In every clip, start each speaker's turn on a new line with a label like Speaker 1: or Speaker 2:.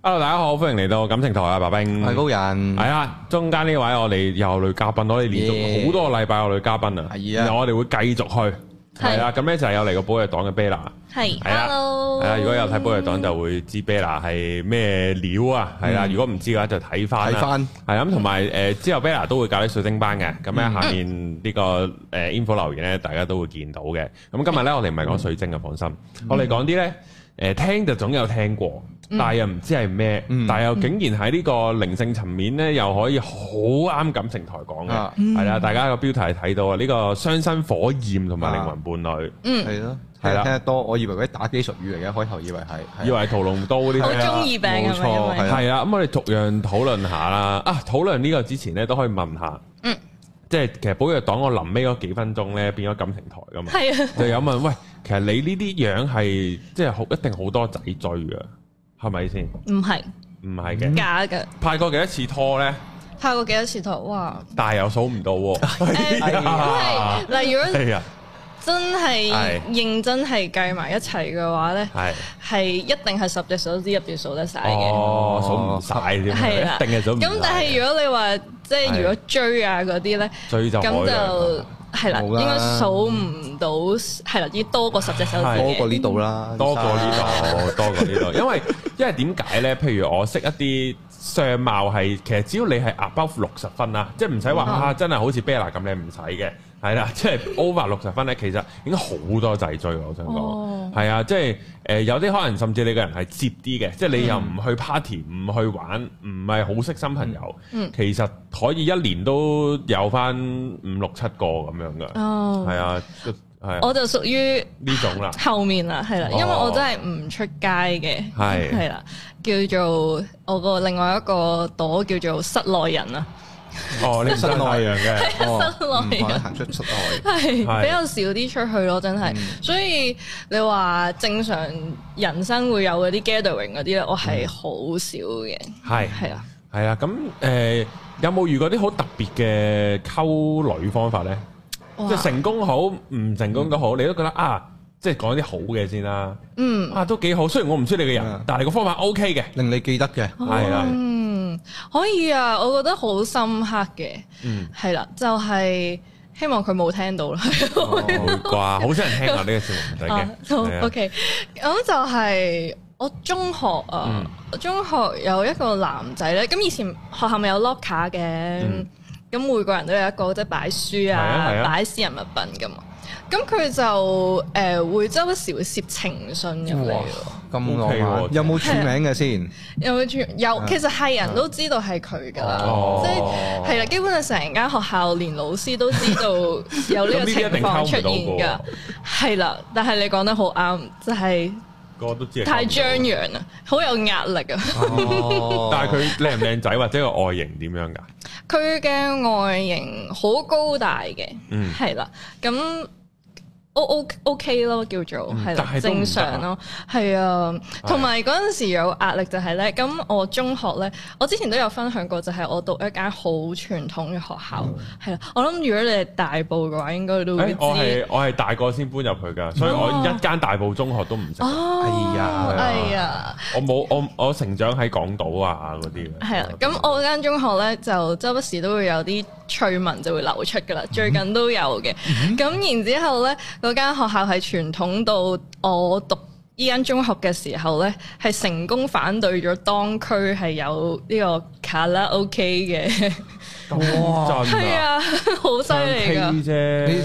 Speaker 1: Hello 大家好，歡迎嚟到《感情台》啊，白兵，係高人，係啊，中間呢位我哋又嚟女嘉賓，我哋連續好多禮拜有女嘉賓啊，係啊，我哋會繼續去，係啦，咁咧的就係、是、有嚟過寶藥黨嘅 Bella，
Speaker 2: 係，係啊的，係啊 Hello，如果
Speaker 1: 有睇寶藥黨就會知 Bella 係咩料啊，係啦，嗯、如果唔知嘅話就睇翻，睇翻回，係咁同埋誒之後 Bella 都會搞啲水晶班嘅，咁咧下面呢個誒 info、嗯、留言咧大家都會見到嘅，咁今日咧我哋唔係講水晶啊，放心，嗯、我哋講啲咧。誒聽就總有聽過，但係又唔知係咩，但係又竟然喺呢個靈性層面咧，又可以好啱感情台講嘅，係啦，大家個標題睇到啊，呢個雙生火焰同埋靈魂伴侶，嗯，係咯，聽聽
Speaker 3: 得多，我以為嗰啲打機術語嚟嘅，開頭以為係
Speaker 1: 以為屠龍刀啲嘅，冇錯，係啊，咁我哋逐樣討論下啦，啊，討論呢個之前咧都可以問下，嗯，即係其實寶藥黨，我臨尾嗰幾分鐘咧變咗感情台噶嘛，係啊，就有問喂。其實你呢啲樣係即係好一定好多仔追㗎，係咪先？唔係，唔係嘅，假嘅。拍過幾多次拖咧？
Speaker 4: 拍過幾多次拖？哇！
Speaker 1: 但係又數唔到喎。誒，嗱，如果
Speaker 4: 真係認真係計埋一齊嘅話咧，係係一定係十隻手指入邊數得晒嘅。哦，數唔晒啲係一定係數唔。咁但係如果你話即係如果追啊嗰啲咧，追就咁就。係啦，應該數唔到，係啦，已多過十隻手多過呢
Speaker 1: 度啦，多過呢度， 多過呢度，因為因為點解咧？譬如我識一啲相貌係，其實只要你係 above 六十分啦，即係唔使話啊，真係好似 Bella 咁靚唔使嘅。係啦，即係 over 六十分咧，其實應該好多仔追，我想講，係啊、哦，即係誒、呃、有啲可能甚至你個人係接啲嘅，嗯、即係你又唔去 party，唔去玩，唔係好識新朋友，嗯、其實可以一年都有翻五六七個咁樣嘅。哦，係啊，係。我就屬
Speaker 4: 於呢
Speaker 1: 種啦，後
Speaker 4: 面啦，係啦，哦、因為我都係唔出街嘅，係啦的， 叫做我個另外一個朵叫做室內人啊。
Speaker 1: 哦，你室內泳嘅，室內嘅，行出室外比
Speaker 4: 較少啲出去咯，真係。所以你話正常人生會有嗰啲 gathering 嗰啲咧，我係好少嘅。
Speaker 1: 係係啊，係啊。咁誒，有冇遇過嗰啲好特別嘅溝女方法咧？即係成功好，唔成功都好，你都覺得啊，即係講啲好嘅先啦。嗯，啊，都幾好。雖然我唔知你嘅人，但係你個方法 OK 嘅，令你記得嘅，係啊。
Speaker 4: 可以啊，我覺得好深刻嘅，係啦，嗯啊，就係、是、希望佢冇聽到啦。
Speaker 1: 唔啩。哦，啊啊啊，好多人聽到呢個小唔得
Speaker 4: 嘅。啊、OK，咁就係我中學啊，嗯、中學有一個男仔咧，咁以前學校咪有 locker 嘅，咁、嗯、每個人都有一個即係擺書啊，擺、啊啊、私人物品噶嘛。咁佢就誒會周不時會攝情信入嚟
Speaker 3: 咯，咁啊有冇署名嘅先？
Speaker 4: 有冇署有，其實係人都知道係佢噶啦，即係係啦，基本上成間學校連老師都知道有呢個情況出現噶，係啦。 但係你講得好啱，就係
Speaker 1: 個都知太張
Speaker 4: 揚啊，好有壓力啊。
Speaker 1: 但係佢靚唔靚仔或者個外形點樣噶？
Speaker 4: 佢嘅外形好高大嘅，係啦咁。 O O O K 咯，叫做係正常咯，係、嗯、啊。同埋嗰陣時有壓力就係、是、咧，咁我中學咧，我之前都有分享過，就係我讀一間好傳統嘅學校，係啦、嗯啊。我諗如果你係大埔嘅話，應該都會知、欸、我係
Speaker 1: 我係大個先搬入去㗎，所以我一間大埔中學都唔識。
Speaker 4: 係啊，係
Speaker 1: 啊，我冇我我成長喺港島啊嗰啲。係、嗯、啊，
Speaker 4: 咁我間中學咧就周不時都會有啲趣聞就會流出㗎啦，最近都有嘅。咁、嗯嗯、然之後咧。嗰間學校係傳統到我讀呢間中學嘅時候，呢係成功反對咗當區係有呢個卡拉 OK 嘅。
Speaker 2: 哇！係
Speaker 3: 啊，
Speaker 4: 好犀利
Speaker 3: 噶！你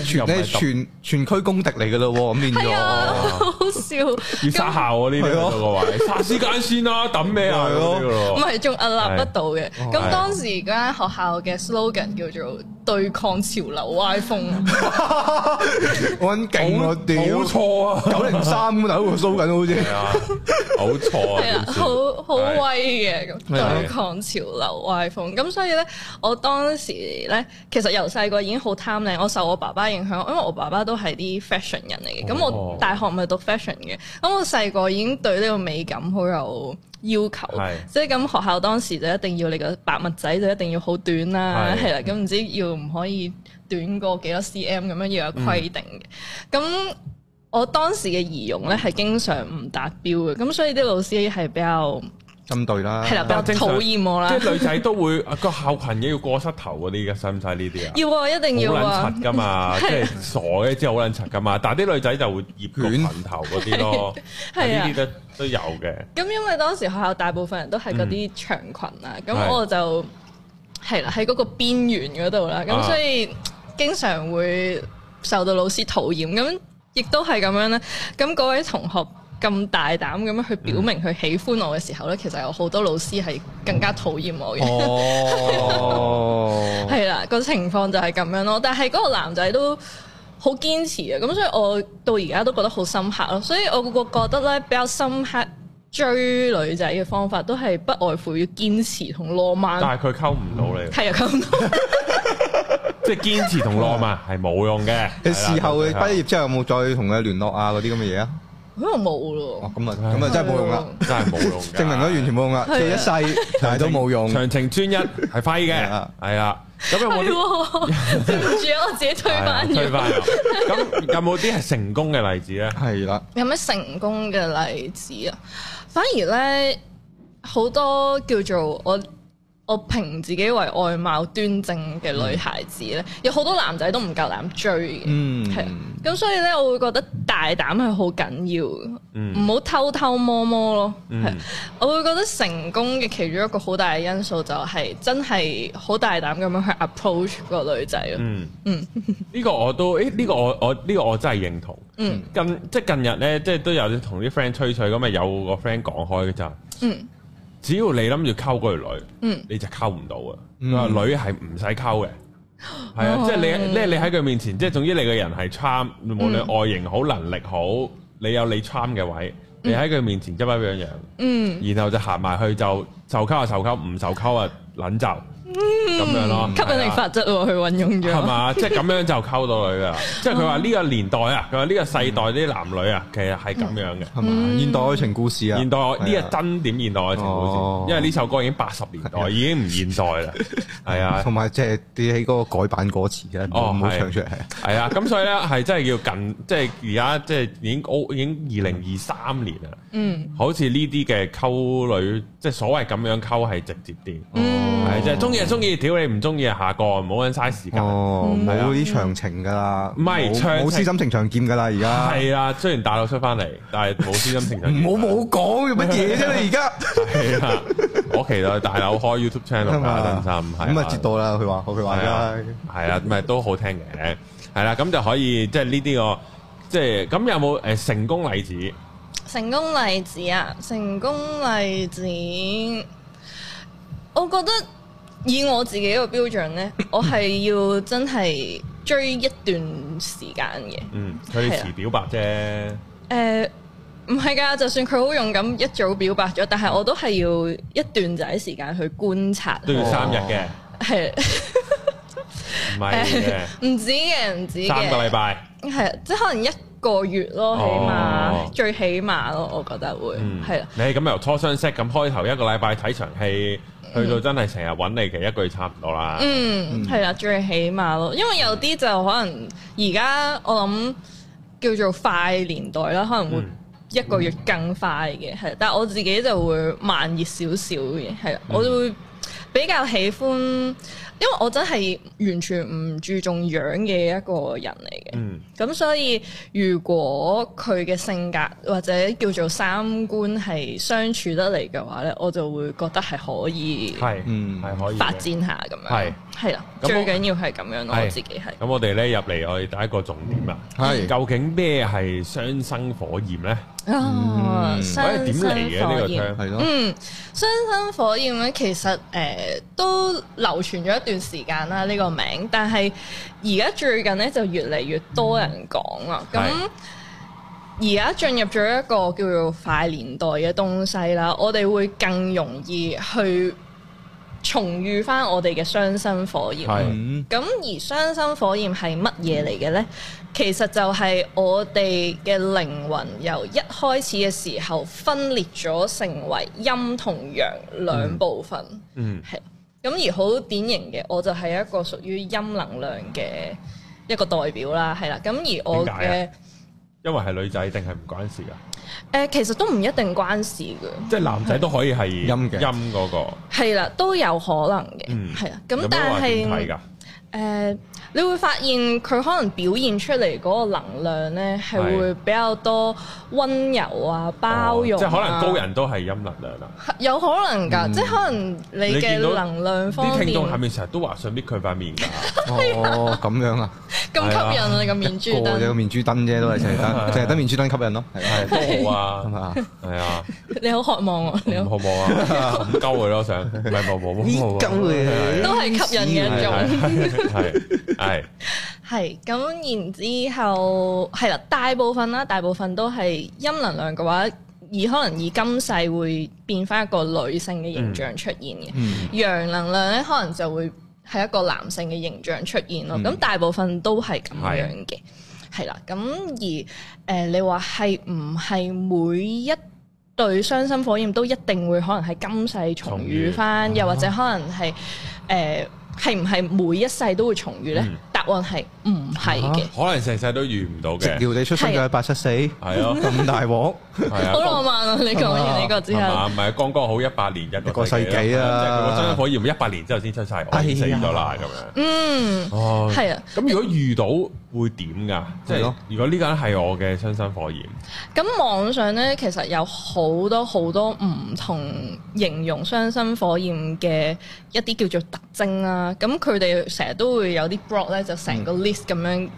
Speaker 3: 全你全全區公敵嚟噶咯，咁
Speaker 1: 變咗。
Speaker 4: 係啊，好
Speaker 2: 笑。
Speaker 1: 要殺校嗰啲咪個位，殺時間先啦，等咩啊？唔係
Speaker 4: 仲屹立不倒嘅。咁當時嗰間學校嘅 slogan 叫做對抗潮流歪風。
Speaker 3: 我揾勁啊！屌，冇錯啊！九零三嗰度個 slogan 好似。係啊，冇錯啊。係啊，好好威
Speaker 4: 嘅咁。對抗潮流歪風。咁所以咧，我當。當時咧，其實由細個已經好貪靚，我受我爸爸影響，因為我爸爸都係啲 fashion 人嚟嘅。咁、哦、我大學咪讀 fashion 嘅，咁我細個已經對呢個美感好有要求，是即係咁學校當時就一定要你個白襪仔就一定要好短啦，係是啦，咁唔知要唔可以短過幾多 cm 咁樣要有規定嘅，咁、嗯、我當時嘅儀容咧係經常唔達標嘅，咁所以啲老師係比較。
Speaker 1: 針對啦，即係討厭我啦。即係女仔都會個 校裙，嘢要過膝頭嗰啲嘅，使唔使呢啲啊？要啊，一定要啊。好撚柒噶嘛， 即係傻嘅，即係好撚柒噶嘛。但係啲女仔就會腋露裙頭嗰啲咯，
Speaker 4: 係啊，呢啲
Speaker 1: 都都有嘅。
Speaker 4: 咁因為當時學校大部分人都係嗰啲長裙，嗯、啊，咁我就係啦，喺嗰個邊緣嗰度啦，咁所以經常會受到老師討厭。咁亦都係咁樣咧。咁各位同學，咁大膽咁樣去表明佢喜歡我嘅時候咧，其實有好多老師係更加討厭我嘅。哦，
Speaker 2: 係啦，
Speaker 4: 個情況就係咁樣咯。但係嗰個男仔都好堅持嘅，咁所以我到而家都覺得好深刻咯。所以我個覺得咧，比較深刻追女仔嘅方法都係不外乎要堅持同浪漫。但係
Speaker 1: 佢溝唔到你，係啊，溝唔到。即係堅持同浪漫係冇用嘅。你事後佢畢業之後有冇再同
Speaker 3: 佢聯絡啊？嗰啲咁嘅嘢啊？咁我冇咯，咁啊咁啊真係冇用啦，真係冇用，證明咗完
Speaker 1: 全冇用啦，即係一世係都冇用，長情專一係廢嘅，係啊，咁有冇？
Speaker 4: 仲有我自己推翻咗，推
Speaker 1: 翻咗。咁有冇啲係成功嘅例子咧？係啦，
Speaker 4: 有咩成功嘅例子啊？反而咧好多叫做我。我憑自己為外貌端正嘅女孩子咧，嗯、有好多男仔都唔夠膽追嘅，係咁、嗯啊、所以咧，我會覺得大膽係好緊要，
Speaker 2: 唔好、嗯、
Speaker 4: 偷偷摸摸咯。係、嗯啊，我會覺得成功嘅其中一個好大嘅因素就係真係好大膽咁樣去 approach 個女仔咯。嗯，
Speaker 1: 呢、嗯、個我都，誒、欸、呢、呢個我、嗯、個我呢、呢個我真係認同。嗯，近即係近日咧，即係都有啲同啲 friend 吹水，咁咪有個 friend 講開嘅就。嗯。只要你諗住溝條女，嗯、你就溝唔到嘅。啊，女係唔使溝嘅，係啊，即係你，咧你喺佢面前，即係、嗯、總之你個人係 charm 無論外形好、能力好，你有你 charm 嘅位，嗯、你喺佢面前一筆樣樣，嗯，然後就行埋去就受溝啊，受溝唔受溝啊，捻就。
Speaker 4: 咁樣咯，吸引力法則去運用咗，係嘛？即係
Speaker 1: 咁樣就溝到女噶，即係佢話呢個年代啊，佢話呢個世代啲男女啊，其實係咁樣嘅，係嘛？現代愛情故事啊，現代呢個真點現代愛情故事？因為呢首歌已經八十年代，已經唔現代啦，係啊，同埋即係啲起
Speaker 3: 嗰個改版歌詞咧，唔好唱出
Speaker 1: 嚟。係啊，咁所以咧係真係要近，即係而家即係已經，我已經二零二三年啦，嗯，好似呢啲嘅溝女，即係所謂咁樣溝係直接啲，嗯，係即係中意。中意屌，你唔中意下個唔好搵，嘥時間，冇啲詳情噶啦，唔係冇私心
Speaker 3: 情長劍噶啦，而家係
Speaker 1: 啦。雖然大佬出翻嚟，但係冇私心情長。唔好冇講乜嘢啫，你而家。係啊，我期待大佬開 YouTube channel。一陣心係咁啊，接
Speaker 3: 到啦！佢話佢話啫。
Speaker 1: 係啊，咪都好聽嘅，係啦。咁就可以即係呢啲個，即係咁有冇誒成功例子？
Speaker 4: 成功例子啊，成功例子，我覺得。以我自己一個標準咧，我係要真係追一段時間嘅。嗯，
Speaker 1: 推遲表白啫。
Speaker 4: 誒、啊，唔係㗎，就算佢好勇敢一早表白咗，但係我都係要一段仔時間去觀察。都要三日嘅。係、哦。
Speaker 1: 唔係
Speaker 4: 唔止嘅，唔止嘅。的三個禮拜。係，即係可能一個月咯，起碼、哦、最起碼咯，我覺得會係
Speaker 1: 啦。嗯、的你係咁由拖雙 s 咁開頭一個禮拜睇場戲。去到真係成日揾你，其實一個月差唔多啦。嗯，
Speaker 4: 係啦，最起碼咯，因為有啲就可能而家我諗叫做快年代啦，可能會一個月更快嘅，係、嗯。但係我自己就會慢熱少少嘅，係，嗯、我就會比較喜歡。因為我真係完全唔注重樣嘅一個人嚟嘅，咁、嗯、所以如果佢嘅性格或者叫做三觀係相處得嚟嘅話咧，我就會覺得係可以係，嗯，係
Speaker 1: 可以發展下咁樣。
Speaker 4: 係啦，我最緊要係咁樣咯，是我自己係。咁
Speaker 1: 我哋咧入嚟，我哋第一個重點啦，係是究竟咩係雙生火焰咧？
Speaker 4: 哦、嗯，雙生火焰係咯。嗯，雙生火焰咧，其實誒、呃、都流傳咗一段時間啦，呢、這個名。但係而家最近咧就越嚟越多人講啦。咁而家進入咗一個叫做快年代嘅東西啦，我哋會更容易去。重遇翻我哋嘅雙生火焰，咁是而雙生火焰係乜嘢嚟嘅呢？嗯、其實就係我哋嘅靈魂由一開始嘅時候分裂咗，成為陰同
Speaker 2: 陽兩部分。嗯，係、嗯。
Speaker 4: 咁而好典型嘅，我就係一個屬於陰能量嘅一個代表啦，係啦。咁而我嘅
Speaker 1: 因為女係女仔定係唔關事啊？
Speaker 4: 誒、呃，其實都唔一定關事嘅，即
Speaker 1: 係男仔都可以係陰嘅陰嗰個，
Speaker 4: 係啦，都有可能嘅，
Speaker 1: 係啊、嗯，咁但係係㗎，誒。嗯
Speaker 4: 你會發現佢可能表現出嚟嗰個能量咧，係會比較多温柔啊、包容，即係可能高
Speaker 1: 人都係陰能量啦。
Speaker 4: 有可能㗎，即係可能你嘅能量方面。啲聽眾下
Speaker 1: 面成日都話想搣佢塊面
Speaker 3: 㗎。哦，咁樣啊？咁吸引你個面珠燈。個面珠燈啫，都係成日得，面珠燈吸引咯。
Speaker 1: 係都好啊，係啊。
Speaker 4: 你好渴望啊！你好渴
Speaker 1: 望啊！咁勾佢咯，想唔係冇冇都係吸引嘅一種。係。
Speaker 4: 係係咁，然之後係啦，大部分啦，大部分都係陰能量嘅話，而可能以今世會變翻一個女性嘅形象出現嘅，陽、嗯嗯、能量咧可能就會係一個男性嘅形象出現咯。咁、嗯、大部分都係咁樣嘅，係啦的。咁而誒、呃，你話係唔係每一對雙生火焰都一定會可能係今世重遇翻，於又或者可能係誒？呃係唔係每一世都會重遇呢？ 係唔係嘅？
Speaker 1: 可能成世都遇唔到嘅。直搖你出生嘅八七四，係啊，咁大鑊，好浪漫啊！你講完呢個之後，唔係剛剛好一百年一個世紀啊！即係《雙生火焰》一百年之後先出世，死咗啦咁樣。嗯，係啊。咁如果遇到會點噶？即係咯，如果呢個係我嘅《雙生火焰》？
Speaker 4: 咁網上咧，其實有好多好多唔同形容《雙生火焰》嘅一啲叫做特徵啊。咁佢哋成日都會有啲 blog 咧成個 list 咁樣，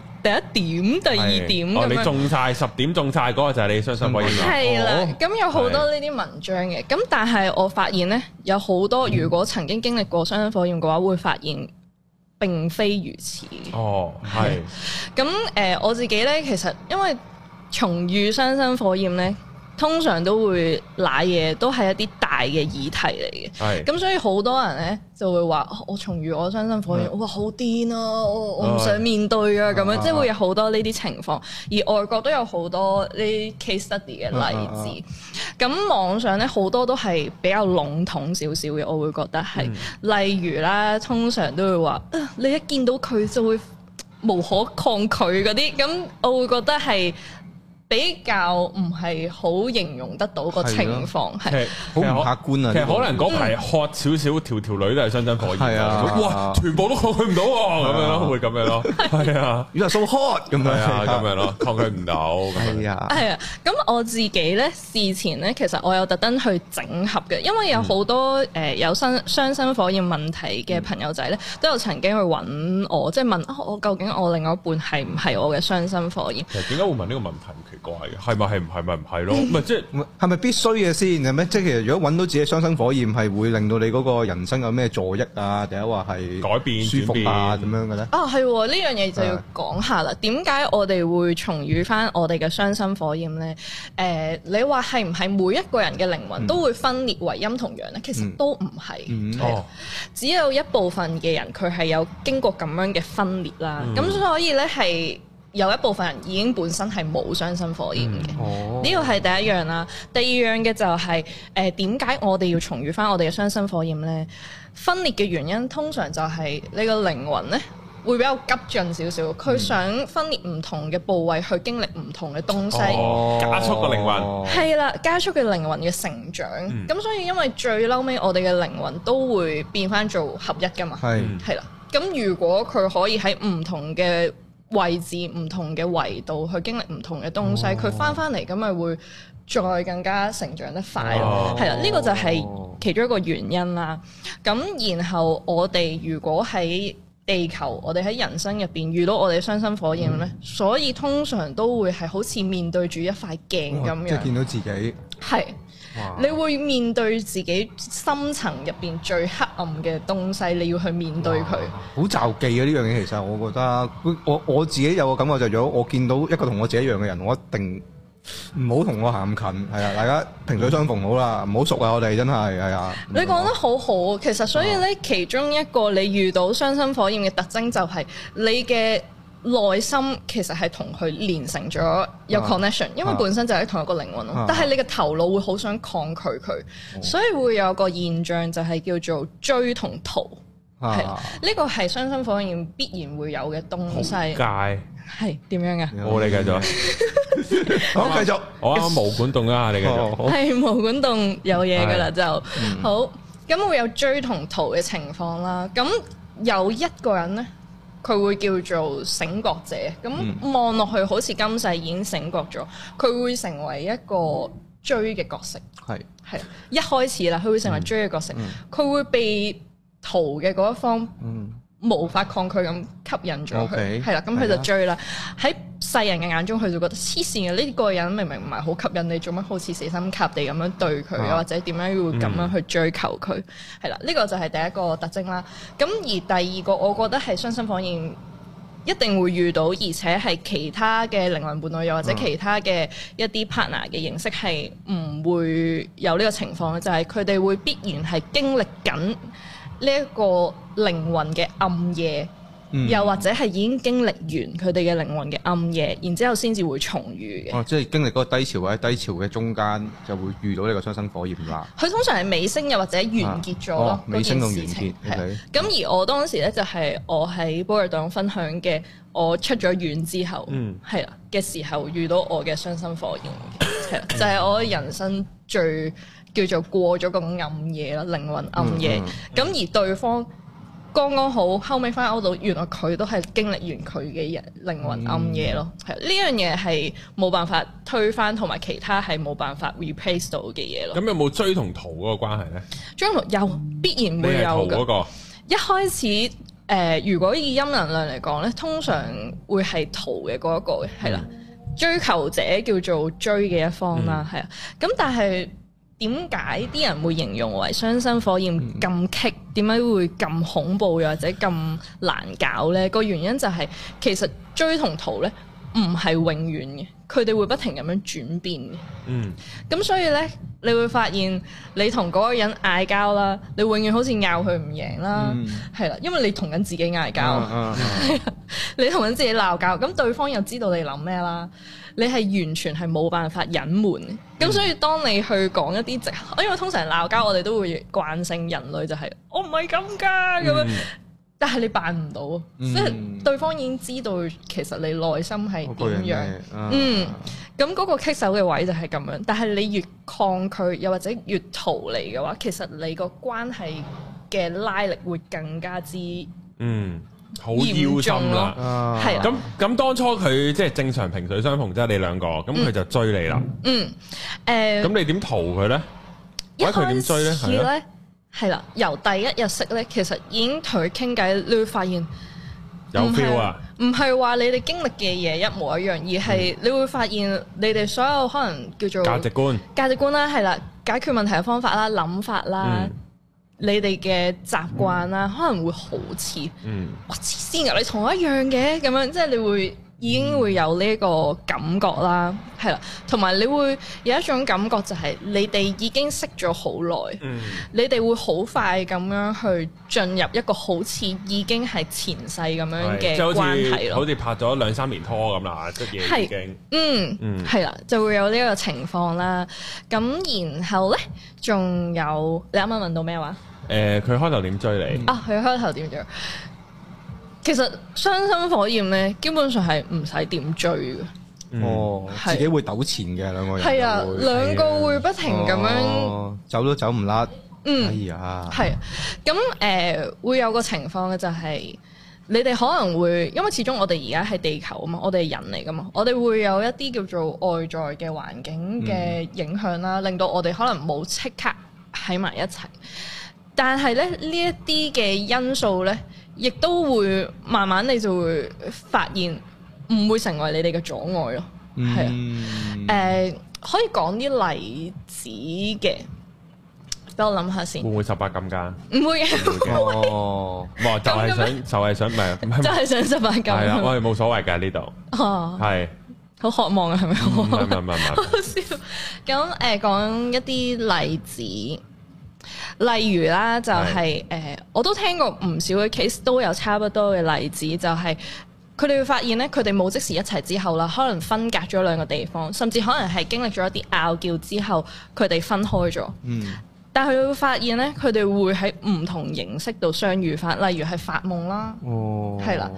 Speaker 4: 第一點、第二點你中
Speaker 1: 晒，十點中晒嗰個就係你雙生火焰，係啦的。咁、哦、有好多呢
Speaker 4: 啲文章嘅，咁的但係我發現呢，有好多如果曾經經歷過雙生火焰嘅話，會發現並非如此。
Speaker 2: 哦，係。
Speaker 4: 咁誒、呃，我自己呢，其實因為重遇雙生火焰呢。通常都會揦嘢，都係一啲大嘅議題嚟嘅。係是。咁所以好多人咧就會話、哦：我重遇我雙生火焰，哇、嗯！我好癲啊！我我唔想面對啊！咁、啊、樣即係會有好多呢啲情況。而外國都有好多呢 case study 嘅例子。咁、啊啊、網上咧好多都係比較籠統少少嘅，我會覺得係。嗯、例如啦，通常都會話、啊：你一見到佢就會無可抗拒嗰啲。咁我會覺得係。比較唔係好形容得到個情況，係
Speaker 1: 好唔客觀啊！其實可能嗰排 hot 少少，條條女都係雙生火焰啊！哇，全部都抗拒唔到喎，咁樣咯，會咁樣咯，係啊，然後 so hot 咁樣，咁樣咯，抗拒唔到，係
Speaker 4: 啊，係啊，咁我自己咧事前咧，其實我有特登去整合嘅，因為有好多誒有雙雙生火焰問題嘅朋友仔咧，都有曾經去揾我，即係問我究竟我另外一半係唔係我嘅雙生火焰？其
Speaker 1: 實點解會問呢個問題？怪嘅，係咪係唔係
Speaker 4: 咪唔係咯？咪即
Speaker 3: 係，係咪必須嘅先係咩？即係其實如果揾到自己嘅雙生火焰，係會令到你嗰個人生有咩助益啊？定係話係改變、舒服啊？咁
Speaker 1: 樣
Speaker 2: 嘅咧？
Speaker 4: 啊、哦，係呢樣嘢就要講下啦。點解的我哋會重遇翻我哋嘅雙生火焰咧？誒、呃，你話係唔係每一個人嘅靈魂都會分裂為陰同陽咧？嗯、其實都唔係，嗯哦、只有一部分嘅人佢係有經過咁樣嘅分裂啦。咁所以咧係。嗯嗯有一部分人已經本身係冇雙生火焰嘅，呢個係第一樣啦。第二樣嘅就係誒點解我哋要重遇翻我哋嘅雙生火焰呢？分裂嘅原因通常就係你個靈魂呢會比較急進少少，佢、嗯、想分裂唔同嘅部位去經歷唔同嘅東西，哦、加速個靈魂係啦，加速嘅靈魂嘅成長。咁、嗯、所以因為最嬲尾我哋嘅靈魂都會變翻做合一噶嘛，係啦、嗯。咁如果佢可以喺唔同嘅位置唔同嘅維度去經歷唔同嘅東西，佢翻翻嚟咁咪會再更加成長得快咯。係啦、哦，呢、這個就係其中一個原因啦。咁、哦、然後我哋如果喺地球，我哋喺人生入邊遇到我哋雙心火焰雙生火焰咧，嗯、所以通常都會係好似面對住一塊鏡咁樣，哦、即係見到自己係。哇你會面對自己深層入邊最黑暗嘅東西，你要去面對佢。
Speaker 3: 好就忌啊！呢樣嘢其實我覺得，我我自己有個感覺就如果我見到一個同我自己一樣嘅人，我一定唔好同我行咁近。係啊，大家萍水相逢好啦，唔好、嗯、熟啊！我哋真係。係啊。你
Speaker 4: 講得好好，其實所以呢，哦、其中一個你遇到雙生火焰嘅特徵就係你嘅。內心其實係同佢連成咗有 connection，因為本身就係同一個靈魂咯。但係你嘅頭腦會好想抗拒佢，所以會有個現象就係叫做追同逃，係呢個係雙生火焰必然會有嘅東西。界係點樣嘅？我嚟繼
Speaker 1: 續。好，
Speaker 4: 繼續。我毛
Speaker 1: 管動啊，你繼續。係
Speaker 4: 毛管動有嘢噶啦，就好。咁會有追同逃嘅情況啦。咁有一個人咧。佢會叫做醒覺者，咁望落去好似今世已經醒覺咗。佢會成為一個追嘅角色，係係是一開始啦，佢會成為追嘅角色，佢、嗯嗯、會被逃嘅嗰一方無法抗拒咁吸引咗佢，係啦、嗯，咁、okay，佢就追啦，喺的。世人嘅眼中，佢就覺得黐線嘅呢個人，明明唔係好吸引你，做乜好似死心塌地咁樣對佢，啊、或者點樣會咁樣去追求佢？係啦、啊，呢、呢個就係第一個特徵啦。咁而第二個，我覺得係雙生火焰一定會遇到，而且係其他嘅靈魂伴侶，又或者其他嘅一啲 partner 嘅形式，係唔會有呢個情況咧。就係佢哋會必然係經歷緊呢一個靈魂嘅暗夜。又或者係已經經歷完佢哋嘅靈魂嘅暗夜，然之後先至會重遇
Speaker 3: 嘅。哦，即係經歷嗰個低潮或者低潮嘅中間，就會遇到呢個雙生火焰啦。
Speaker 4: 佢通常係尾聲又或者完結咗、啊哦。尾聲同完結，咁白而我當時咧，就係我喺寶藥黨分享嘅，我出咗院之後，係啦嘅時候遇到我嘅雙生火焰，係、嗯、就係、係、我人生最叫做過咗個暗夜啦，靈魂暗夜。咁而對方。剛剛好後尾翻歐到，原來佢都係經歷完佢嘅人靈魂暗夜咯。係呢樣嘢係冇辦法推翻，同埋其他係冇辦法 replace 到嘅嘢咯。
Speaker 1: 咁有冇追同逃嗰個關係咧？
Speaker 4: 追、嗯、有，必然會有嘅。嗰個、一開始，誒、呃、如果以陰能量嚟講呢，通常會係逃嘅嗰一個嘅，係、嗯、啦。追求者叫做追嘅一方、嗯、啦，係、嗯、啊。咁、嗯、但係。點解啲人會形容為雙生火焰咁棘？點解、嗯、會咁恐怖又或者咁難搞呢？個原因就係、是、其實追同逃呢，唔係永遠嘅，佢哋會不停咁樣轉變。嗯，咁所以呢，你會發現你同嗰個人嗌交啦，你永遠好似拗佢唔贏啦，係啦、嗯，因為你同緊自己嗌交，啊啊、 你同緊自己鬧交，咁對方又知道你諗咩啦。你係完全係冇辦法隱瞞，咁、嗯、所以當你去講一啲直，我因為通常鬧交我哋都會慣性人類就係、是、我唔係咁㗎咁樣，嗯、但係你扮唔到，即係、嗯、對方已經知道其實你內心係點樣，啊、嗯，咁嗰個棘手嘅位就係咁樣，但係你越抗拒又或者越逃離嘅話，其實你個關係嘅拉力會更加之，嗯。
Speaker 1: 好焦心啦，係咁咁當初佢即係正常萍水相逢，即係你兩個，咁佢就追你啦。嗯，
Speaker 4: 誒，咁
Speaker 1: 你點逃佢咧？一開始咧，佢點追咧？
Speaker 4: 係啦，由第一日識咧，其實已經同佢傾偈，你會發現
Speaker 1: 有票啊！
Speaker 4: 唔係話你哋經歷嘅嘢一模一樣，而係你會發現你哋所有可能叫做價值
Speaker 1: 觀、
Speaker 4: 價值觀啦，係啦，解決問題嘅方法啦、諗法啦。你哋嘅習慣啦、啊，可能會好似，
Speaker 2: 嗯、
Speaker 4: 哇黐線啊，你同我一樣嘅咁樣，即係你會。已經會有呢個感覺啦，係啦，同埋你會有一種感覺就係你哋已經識咗好耐，嗯、你哋會好快咁樣去進入一個好似已經係前世咁樣嘅關係，好
Speaker 1: 似拍咗兩三年拖咁啦，即、這、
Speaker 4: 係、個、嗯，係啦、嗯，就會有呢個情況啦。咁然後呢，仲有你啱啱問到咩話？
Speaker 1: 誒、呃，佢開頭點追你？嗯、
Speaker 4: 啊，佢開頭點追？其實雙生火焰咧，基本上係唔使點追
Speaker 1: 嘅，哦、嗯，啊、自己會糾
Speaker 3: 纏嘅兩個人，係啊，兩個會不停咁樣、哦、走都走唔甩，
Speaker 4: 嗯，係、哎呀，咁誒、啊呃、會有個情況嘅就係、是，你哋可能會，因為始終我哋而家係地球啊嘛，我哋係人嚟噶嘛，我哋會有一啲叫做外在嘅環境嘅影響啦，嗯、令到我哋可能冇即刻喺埋一齊，但係咧呢一啲嘅因素咧。亦都會慢慢你就會發現唔會成為你哋嘅阻礙咯，係啊，誒可以講啲例子嘅，等我諗下先。
Speaker 1: 會唔會十八禁噶？
Speaker 4: 唔會嘅，
Speaker 1: 哦，就係想就係想咩？就係
Speaker 4: 想十八禁。係啊，我哋
Speaker 1: 冇所謂嘅呢度。哦，係。
Speaker 4: 好渴望啊，係咪？唔係唔係，好笑。咁誒，講一啲例子，例如啦、就是，就係誒，我都聽過唔少嘅 case，都有差不多嘅例子，就係佢哋會發現咧，佢哋冇即時一齊之後啦，可能分隔咗兩個地方，甚至可能係經歷咗一啲拗撬之後，佢哋分開咗。嗯。但佢會發現咧，佢哋會喺唔同形式度相遇返，例如係發夢啦，
Speaker 2: 係、哦、啦，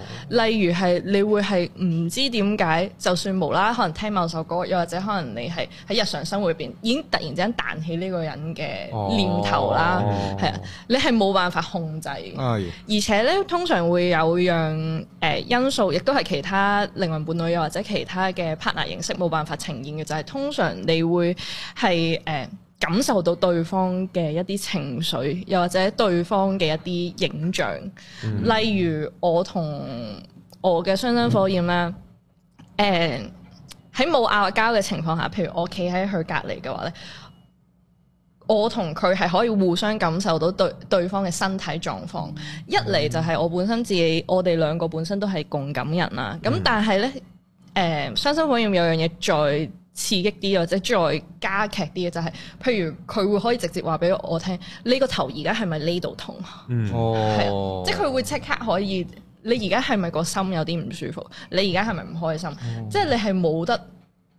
Speaker 4: 例如係你會係唔知點解，就算無啦可能聽某首歌，又或者可能你係喺日常生活入邊已經突然之間彈起呢個人嘅念頭、哦、啦，係啊，你係冇辦法控制，哦、而且咧通常會有樣誒、呃、因素，亦都係其他靈魂伴侶又或者其他嘅 partner 形式冇辦法呈現嘅，就係、是、通常你會係誒。呃感受到對方嘅一啲情緒，又或者對方嘅一啲影像。嗯、例如我同我嘅雙生火焰咧，誒喺冇嗌交嘅情況下，譬如我企喺佢隔籬嘅話咧，我同佢係可以互相感受到對對方嘅身體狀況。一嚟就係我本身自己，我哋兩個本身都係共感人啦。咁、嗯嗯、但係咧，誒雙生火焰有樣嘢最刺激啲或者再加劇啲嘅就係、是，譬如佢會可以直接話俾我聽，呢個頭而家係咪呢度痛？
Speaker 2: 嗯，係、啊哦、即係佢
Speaker 4: 會即刻可以，你而家係咪個心有啲唔舒服？你而家係咪唔開心？哦、即係你係冇得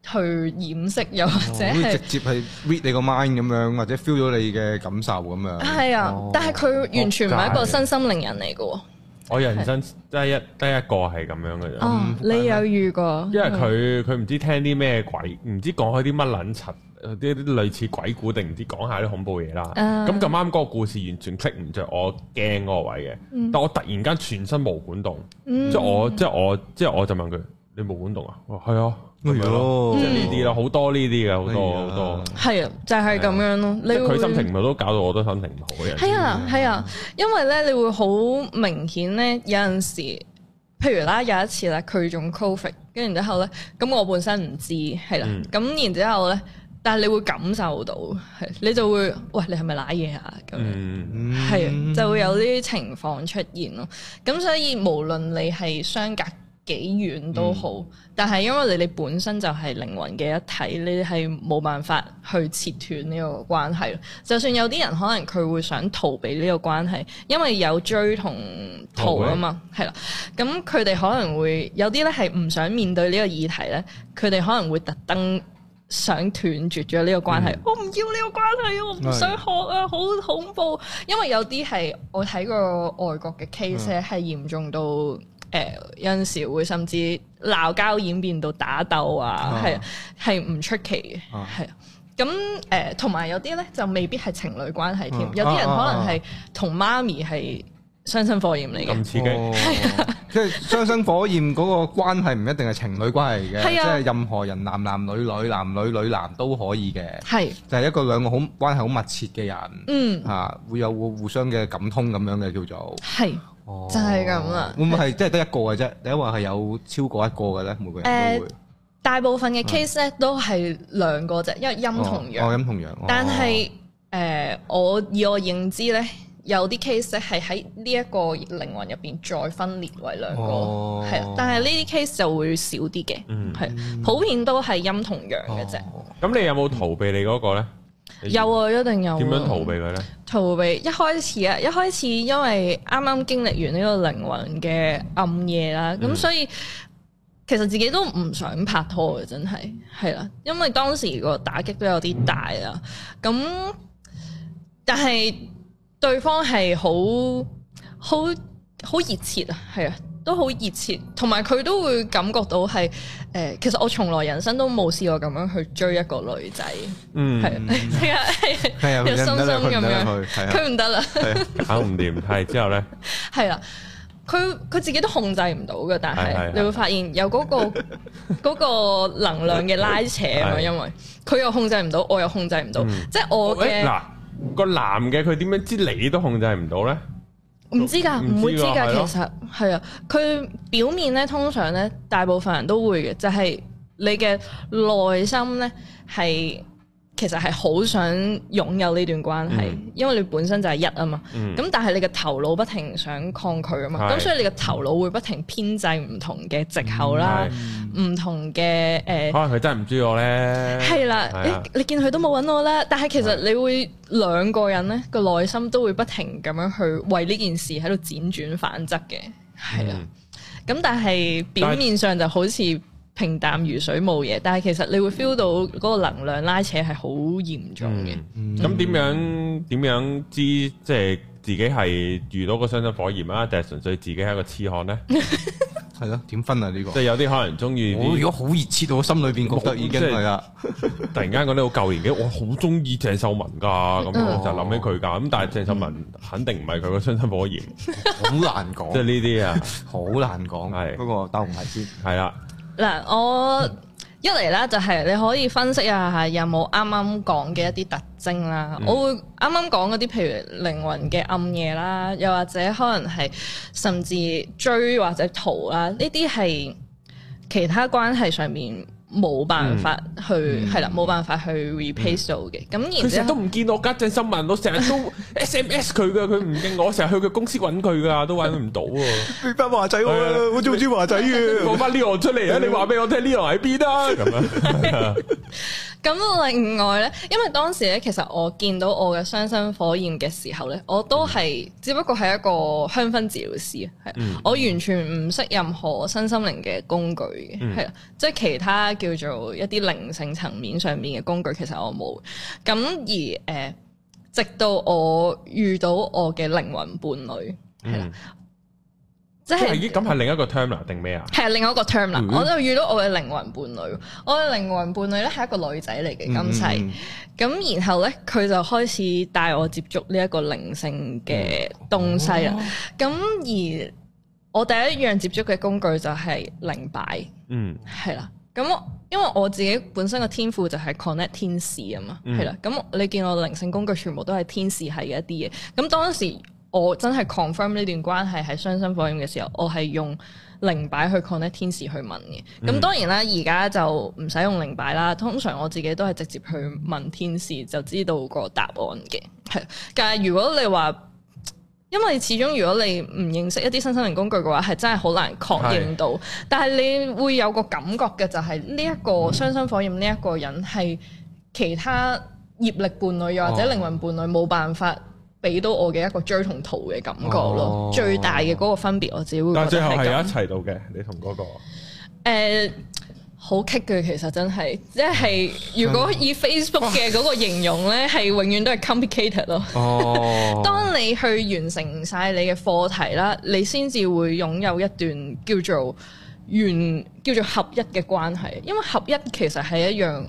Speaker 4: 去掩飾，又或者會直
Speaker 3: 接去 read 你個 mind 咁樣，或者 feel 咗你嘅感受咁樣。係啊，哦、但係
Speaker 4: 佢完全唔係一個身心靈人嚟嘅。
Speaker 1: 我人生即係一得一個係咁樣嘅啫。哦嗯、
Speaker 4: 你有遇過？因為佢
Speaker 1: 佢唔知聽啲咩鬼，唔知講開啲乜撚柒，啲啲類似鬼故定唔知講下啲恐怖嘢啦。咁咁啱嗰個故事完全 click 唔着我驚嗰個位嘅。嗯、但我突然間全身冇管動，嗯、即係我即係我即係我就問佢：你冇管動啊？我係啊。咪咯，即係呢啲咯，好、嗯、多呢啲嘅，好多好多。
Speaker 4: 係啊，多啊，就係、是、咁樣咯。啊、你佢會心情
Speaker 1: 唔好都搞到我都心情唔好嘅。係啊，
Speaker 4: 係啊，啊嗯、因為咧你會好明顯咧有陣時，譬如啦有一次啦，佢中 covid，跟住之後咧，咁我本身唔知係啦，咁、啊嗯、然之後咧，但係你會感受到，係、啊、你就會，喂你係咪瀨嘢啊？咁樣、
Speaker 2: 嗯、啊，就
Speaker 4: 會有呢啲情況出現咯。咁所以無論你係相隔幾遠都好，但係因為你哋本身就係靈魂嘅一體，你哋係冇辦法去切斷呢個關係。就算有啲人可能佢會想逃避呢個關係，因為有追同逃啊嘛，係啦、哦嘿。咁佢哋可能會有啲咧係唔想面對呢個議題咧，佢哋可能會特登想斷絕咗呢個、嗯、個關係。我唔要呢個關係，我唔想學啊，好的恐怖。因為有啲係我睇過外國嘅 case 係嚴重到。誒，有陣時會甚至鬧交演變到打鬥啊，係係唔出奇嘅，係咁。誒，同埋有啲咧就未必係情侶關係添，有啲人可能係同媽咪係雙生火焰嚟嘅，咁刺激，
Speaker 2: 即係
Speaker 3: 雙生火焰嗰個關係唔一定係情侶關係嘅，即係任何人男男女女，男女女男都可以嘅，係就係一個兩個好關係好密切嘅人，嗯啊，會有個互相嘅感通咁樣嘅叫做
Speaker 4: 係。就係咁啦，會唔會係
Speaker 3: 即係得一個嘅啫？定話係有超過一個嘅咧？每個人都會、呃、
Speaker 4: 大部分嘅 case 咧都係兩個啫，因為陰同陽，陰、哦、陰同陽。但係誒，我以我認知咧，有啲 case 係喺呢一個靈魂入邊再分裂為兩個，係啊、哦。但係呢啲 case 就會少啲嘅，係、嗯、普遍都係陰同陽嘅啫。
Speaker 1: 咁、哦、你有冇逃避你嗰個咧？有啊，
Speaker 4: 一定有。點樣逃避佢咧？逃避一開始啊，一開始因為啱啱經歷完呢個靈魂嘅暗夜啦，咁、嗯、所以其實自己都唔想拍拖嘅，真係係啦，因為當時個打擊都有啲大啦。咁但係對方係好好好熱切啊，係啊。都好熱切，同埋佢都會感覺到係誒、呃，其實我從來人生都冇試過咁樣去追一個女仔，嗯，係係有心心咁樣，
Speaker 1: 佢唔得啦，搞唔掂。係之後咧，
Speaker 4: 係啦，佢佢自己都控制唔到嘅，但係你會發現有嗰、那個、 個能量嘅拉扯啊嘛， 因為佢又控制唔到，我又控制唔到，嗯、即係我嘅嗱、欸那
Speaker 1: 個男嘅，佢點樣知你都控制唔到咧？
Speaker 4: 唔知㗎，唔會知㗎。其實係啊，佢的表面咧，通常咧，大部分人都會嘅，就係、是、你嘅內心呢，係。其實係好想擁有呢段關係，嗯、因為你本身就係一啊嘛。咁、嗯、但係你嘅頭腦不停想抗拒啊嘛，咁是所以你嘅頭腦會不停編製唔同嘅藉口啦，唔同嘅誒。可能
Speaker 1: 佢真係唔鍾意我咧。
Speaker 4: 係啦，誒你見佢都冇搵我啦。但係其實你會兩個人咧個內心都會不停咁樣去為呢件事喺度輾轉反側嘅。係啊，咁、嗯嗯、但係表面上就好似，平淡如水冇嘢，但係其實你會 feel 到嗰個能量拉扯係好嚴重
Speaker 1: 嘅。咁點、嗯、樣點樣知即係、就是、自己係遇到個雙生火焰啊，定係純粹自己係一個痴漢呢？
Speaker 3: 係咯，點分啊呢個？即係
Speaker 1: 有啲可能中意如果
Speaker 3: 好熱切到我心裏邊覺得已經係啦
Speaker 1: 突然間嗰啲好舊年嘅，我好中意鄭秀文噶，咁我、哦、就諗起佢噶。咁但係鄭秀文肯定唔係佢個雙生火焰，好難講。即係呢啲啊，好難講。係不過兜唔埋先。係啦。
Speaker 4: 嗱，我一嚟啦，就係你可以分析一下，係有冇啱啱講嘅一啲特徵啦。我會啱啱講嗰啲，譬如靈魂嘅暗夜啦，又或者可能係甚至追或者逃啦，呢啲係其他關係上面。冇辦法去係啦，冇辦法去 repay 到嘅。咁然之後都唔
Speaker 1: 見我家陣新聞，我成日都 S M S 佢嘅，佢唔應我，成日去佢公司揾佢噶，都揾唔到。
Speaker 4: 你班華仔啊，我
Speaker 1: 做住華仔嘅，Leon 出嚟啊！你話俾我聽 Leon 喺邊啊？咁
Speaker 4: 樣。咁另外咧，因為當時咧，其實我見到我嘅雙生火焰嘅時候咧，我都係只不過係一個香薰治療師，係我完全唔識任何身心靈嘅工具嘅，係即係其他。叫做一啲靈性層面上面嘅工具，其實我冇。咁而誒、呃，直到我遇到我嘅靈魂伴侶，係啦，即係咦？咁係另
Speaker 1: 一個 term 啦，定咩啊？
Speaker 4: 係另一個 term 啦、嗯，我就遇到我嘅靈魂伴侶。我嘅靈魂伴侶咧係一個女仔嚟嘅，今世。咁、嗯、然後咧，佢就開始帶我接觸呢一個靈性嘅東西啦。咁、嗯哦、而我第一樣接觸嘅工具就係靈擺，嗯，係啦、嗯。咁，因為我自己本身嘅天賦就係 connect 天使啊嘛，係啦、嗯。咁你見我靈性工具全部都係天使系嘅一啲嘢。咁當時我真係 confirm 呢段關係係雙生火焰嘅時候，我係用靈擺去 connect 天使去問嘅。咁、嗯、當然啦，而家就唔使用靈擺啦。通常我自己都係直接去問天使，就知道個答案嘅。係，但係如果你話，因為始終如果你唔認識一啲身心靈工具嘅話，係真係好難確認到。是但係你會有個感覺嘅，就係呢一個雙生火焰呢一個人係其他業力伴侶又或者靈魂伴侶冇辦法俾到我嘅一個追同逃嘅感覺咯。哦、最大嘅嗰個分別，我只會覺得係。但最後係一齊
Speaker 1: 到嘅，你同嗰、那個。
Speaker 4: 誒、呃。好棘嘅，其實真係，即係如果以 Facebook 嘅嗰個形容咧，係 永遠都係 complicated 咯。Oh. 當你去完成晒你嘅課題啦，你先至會擁有一段叫做完叫做合一嘅關係，因為合一其實係一樣。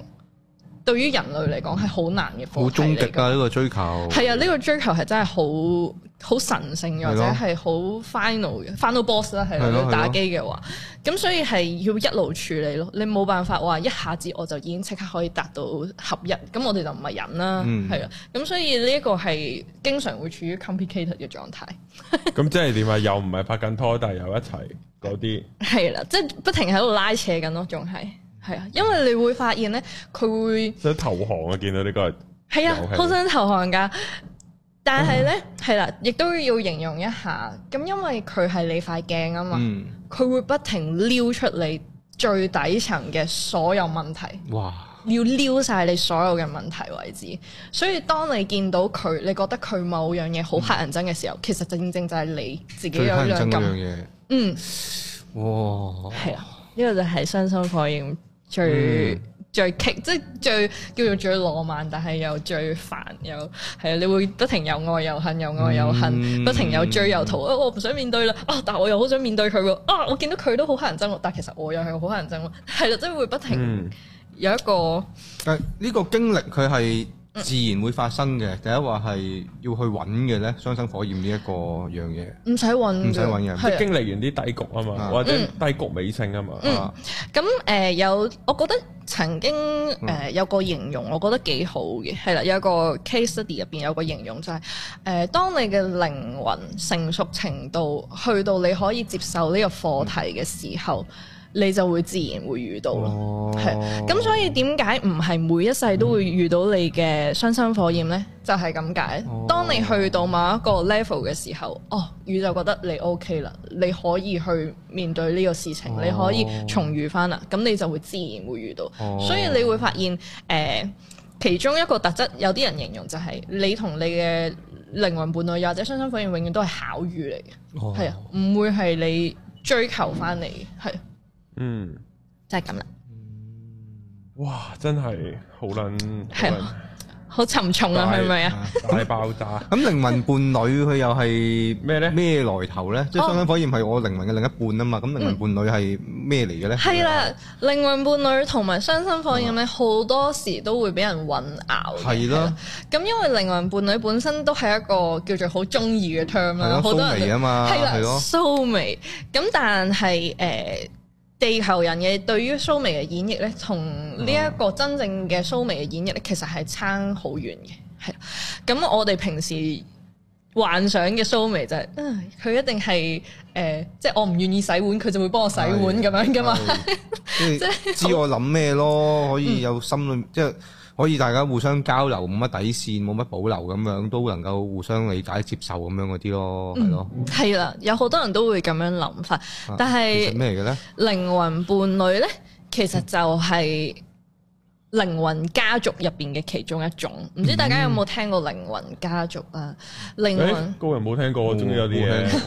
Speaker 4: 對於人類嚟講係好難嘅嘢，好終極
Speaker 3: 啊。呢個追求，係啊，
Speaker 4: 呢個追求係真係好好神聖或者係好 final 嘅 final boss 啦，係打機嘅話，咁對所以係要一路處理咯。你冇辦法話一下子我就已經即刻可以達，達到合一，咁我哋就唔係人啦，係啊，咁所以呢一個係經常會處於 complicated 嘅狀態。
Speaker 1: 咁 即係點啊？又唔係拍緊拖，但係又一齊嗰啲，
Speaker 4: 係啦，即係不停喺度拉扯緊咯，仲係。係啊，因為你會發現咧，佢會
Speaker 1: 想投降啊！見到呢個係啊，好想投降噶。但係咧，
Speaker 4: 係啦、嗯，亦、啊、都要形容一下。咁因為佢係你塊鏡啊嘛，佢、嗯、會不停撩出你最底層嘅所有問題。哇！要撩晒你所有嘅問題為止。所以當你見到佢，你覺得佢某樣嘢好乞人憎嘅時候，嗯、其實正正就係你自己有呢樣嘢。嗯，哇！係啊，呢個就係雙生火焰。最、嗯、最激，即係最叫做最浪漫，但係又最煩，又係啊！你會不停又愛又恨，又愛又恨，嗯、不停又追又逃。我唔想面對啦，啊、哦！但我又好想面對佢喎。啊！我見到佢都好乞人憎，但係其實我又係好乞人憎咯。係啦，即係會不停有一個。
Speaker 3: 誒、嗯，呢個經歷佢係。自然會發生嘅，第一話係要去揾嘅
Speaker 1: 咧，雙生火焰呢一個樣嘢。唔
Speaker 4: 使揾，唔使揾嘅，即係經
Speaker 1: 歷完啲低谷啊嘛，或者低谷尾聲、嗯、啊嘛。咁
Speaker 4: 誒、嗯呃、有，我覺得曾經誒、呃、有個形容，我覺得幾好嘅，係啦，有個 case study 入邊有個形容就係、是、誒、呃，當你嘅靈魂成熟程度去到你可以接受呢個課題嘅時候。你就會自然會遇到咯，
Speaker 2: 係咁、哦，所
Speaker 4: 以點解唔係每一世都會遇到你嘅雙生火焰呢？嗯、就係咁解。哦、當你去到某一個 level 嘅時候，哦，宇宙覺得你 OK 啦，你可以去面對呢個事情，哦、你可以重遇翻啦，咁你就會自然會遇到。哦、所以你會發現，誒、呃，其中一個特質，有啲人形容就係你同你嘅靈魂伴侶，或者雙生火焰，永遠都係巧遇嚟嘅，係啊、哦，唔會係你追求翻你嘅。嗯，就係咁啦。
Speaker 1: 哇，真係好撚係
Speaker 4: 好沉重啊，係咪啊？
Speaker 1: 大爆炸。咁靈魂伴
Speaker 3: 侶佢又係咩咧？咩來頭咧？即係雙生火焰係我靈魂嘅另一半啊嘛。咁靈魂伴侶係咩嚟嘅咧？係啦，
Speaker 4: 靈魂伴侶同埋雙生火焰咧，好多時都會俾人混淆嘅。係咯。咁因為靈魂伴侶本身都係一個叫做好中意嘅 term 啦，好多人啊嘛。係啦，so 美。咁但係誒。地球人嘅對於 Soulmate 嘅演繹咧，同呢一個真正嘅 Soulmate 嘅演繹咧，其實係差好遠嘅。係，咁我哋平時幻想嘅 Soulmate 就係、是，佢、呃、一定係誒、呃，即係我唔願意洗碗，佢就會幫我洗碗咁樣㗎嘛。即係、 就
Speaker 3: 是、知我諗咩咯，可以有心諗、嗯、即係。可以大家互相交流，冇乜底線，冇乜保留咁樣，都能夠互相理解、接受咁樣嗰啲咯，係咯。係
Speaker 4: 啦，有好多人都會咁樣諗法，但係其實咩嘅咧？靈魂伴侶咧，其實就係靈魂家族入邊嘅其中一種。唔知大家有冇聽過靈魂家族啊？靈魂
Speaker 1: 高人冇聽過，終於有啲嘢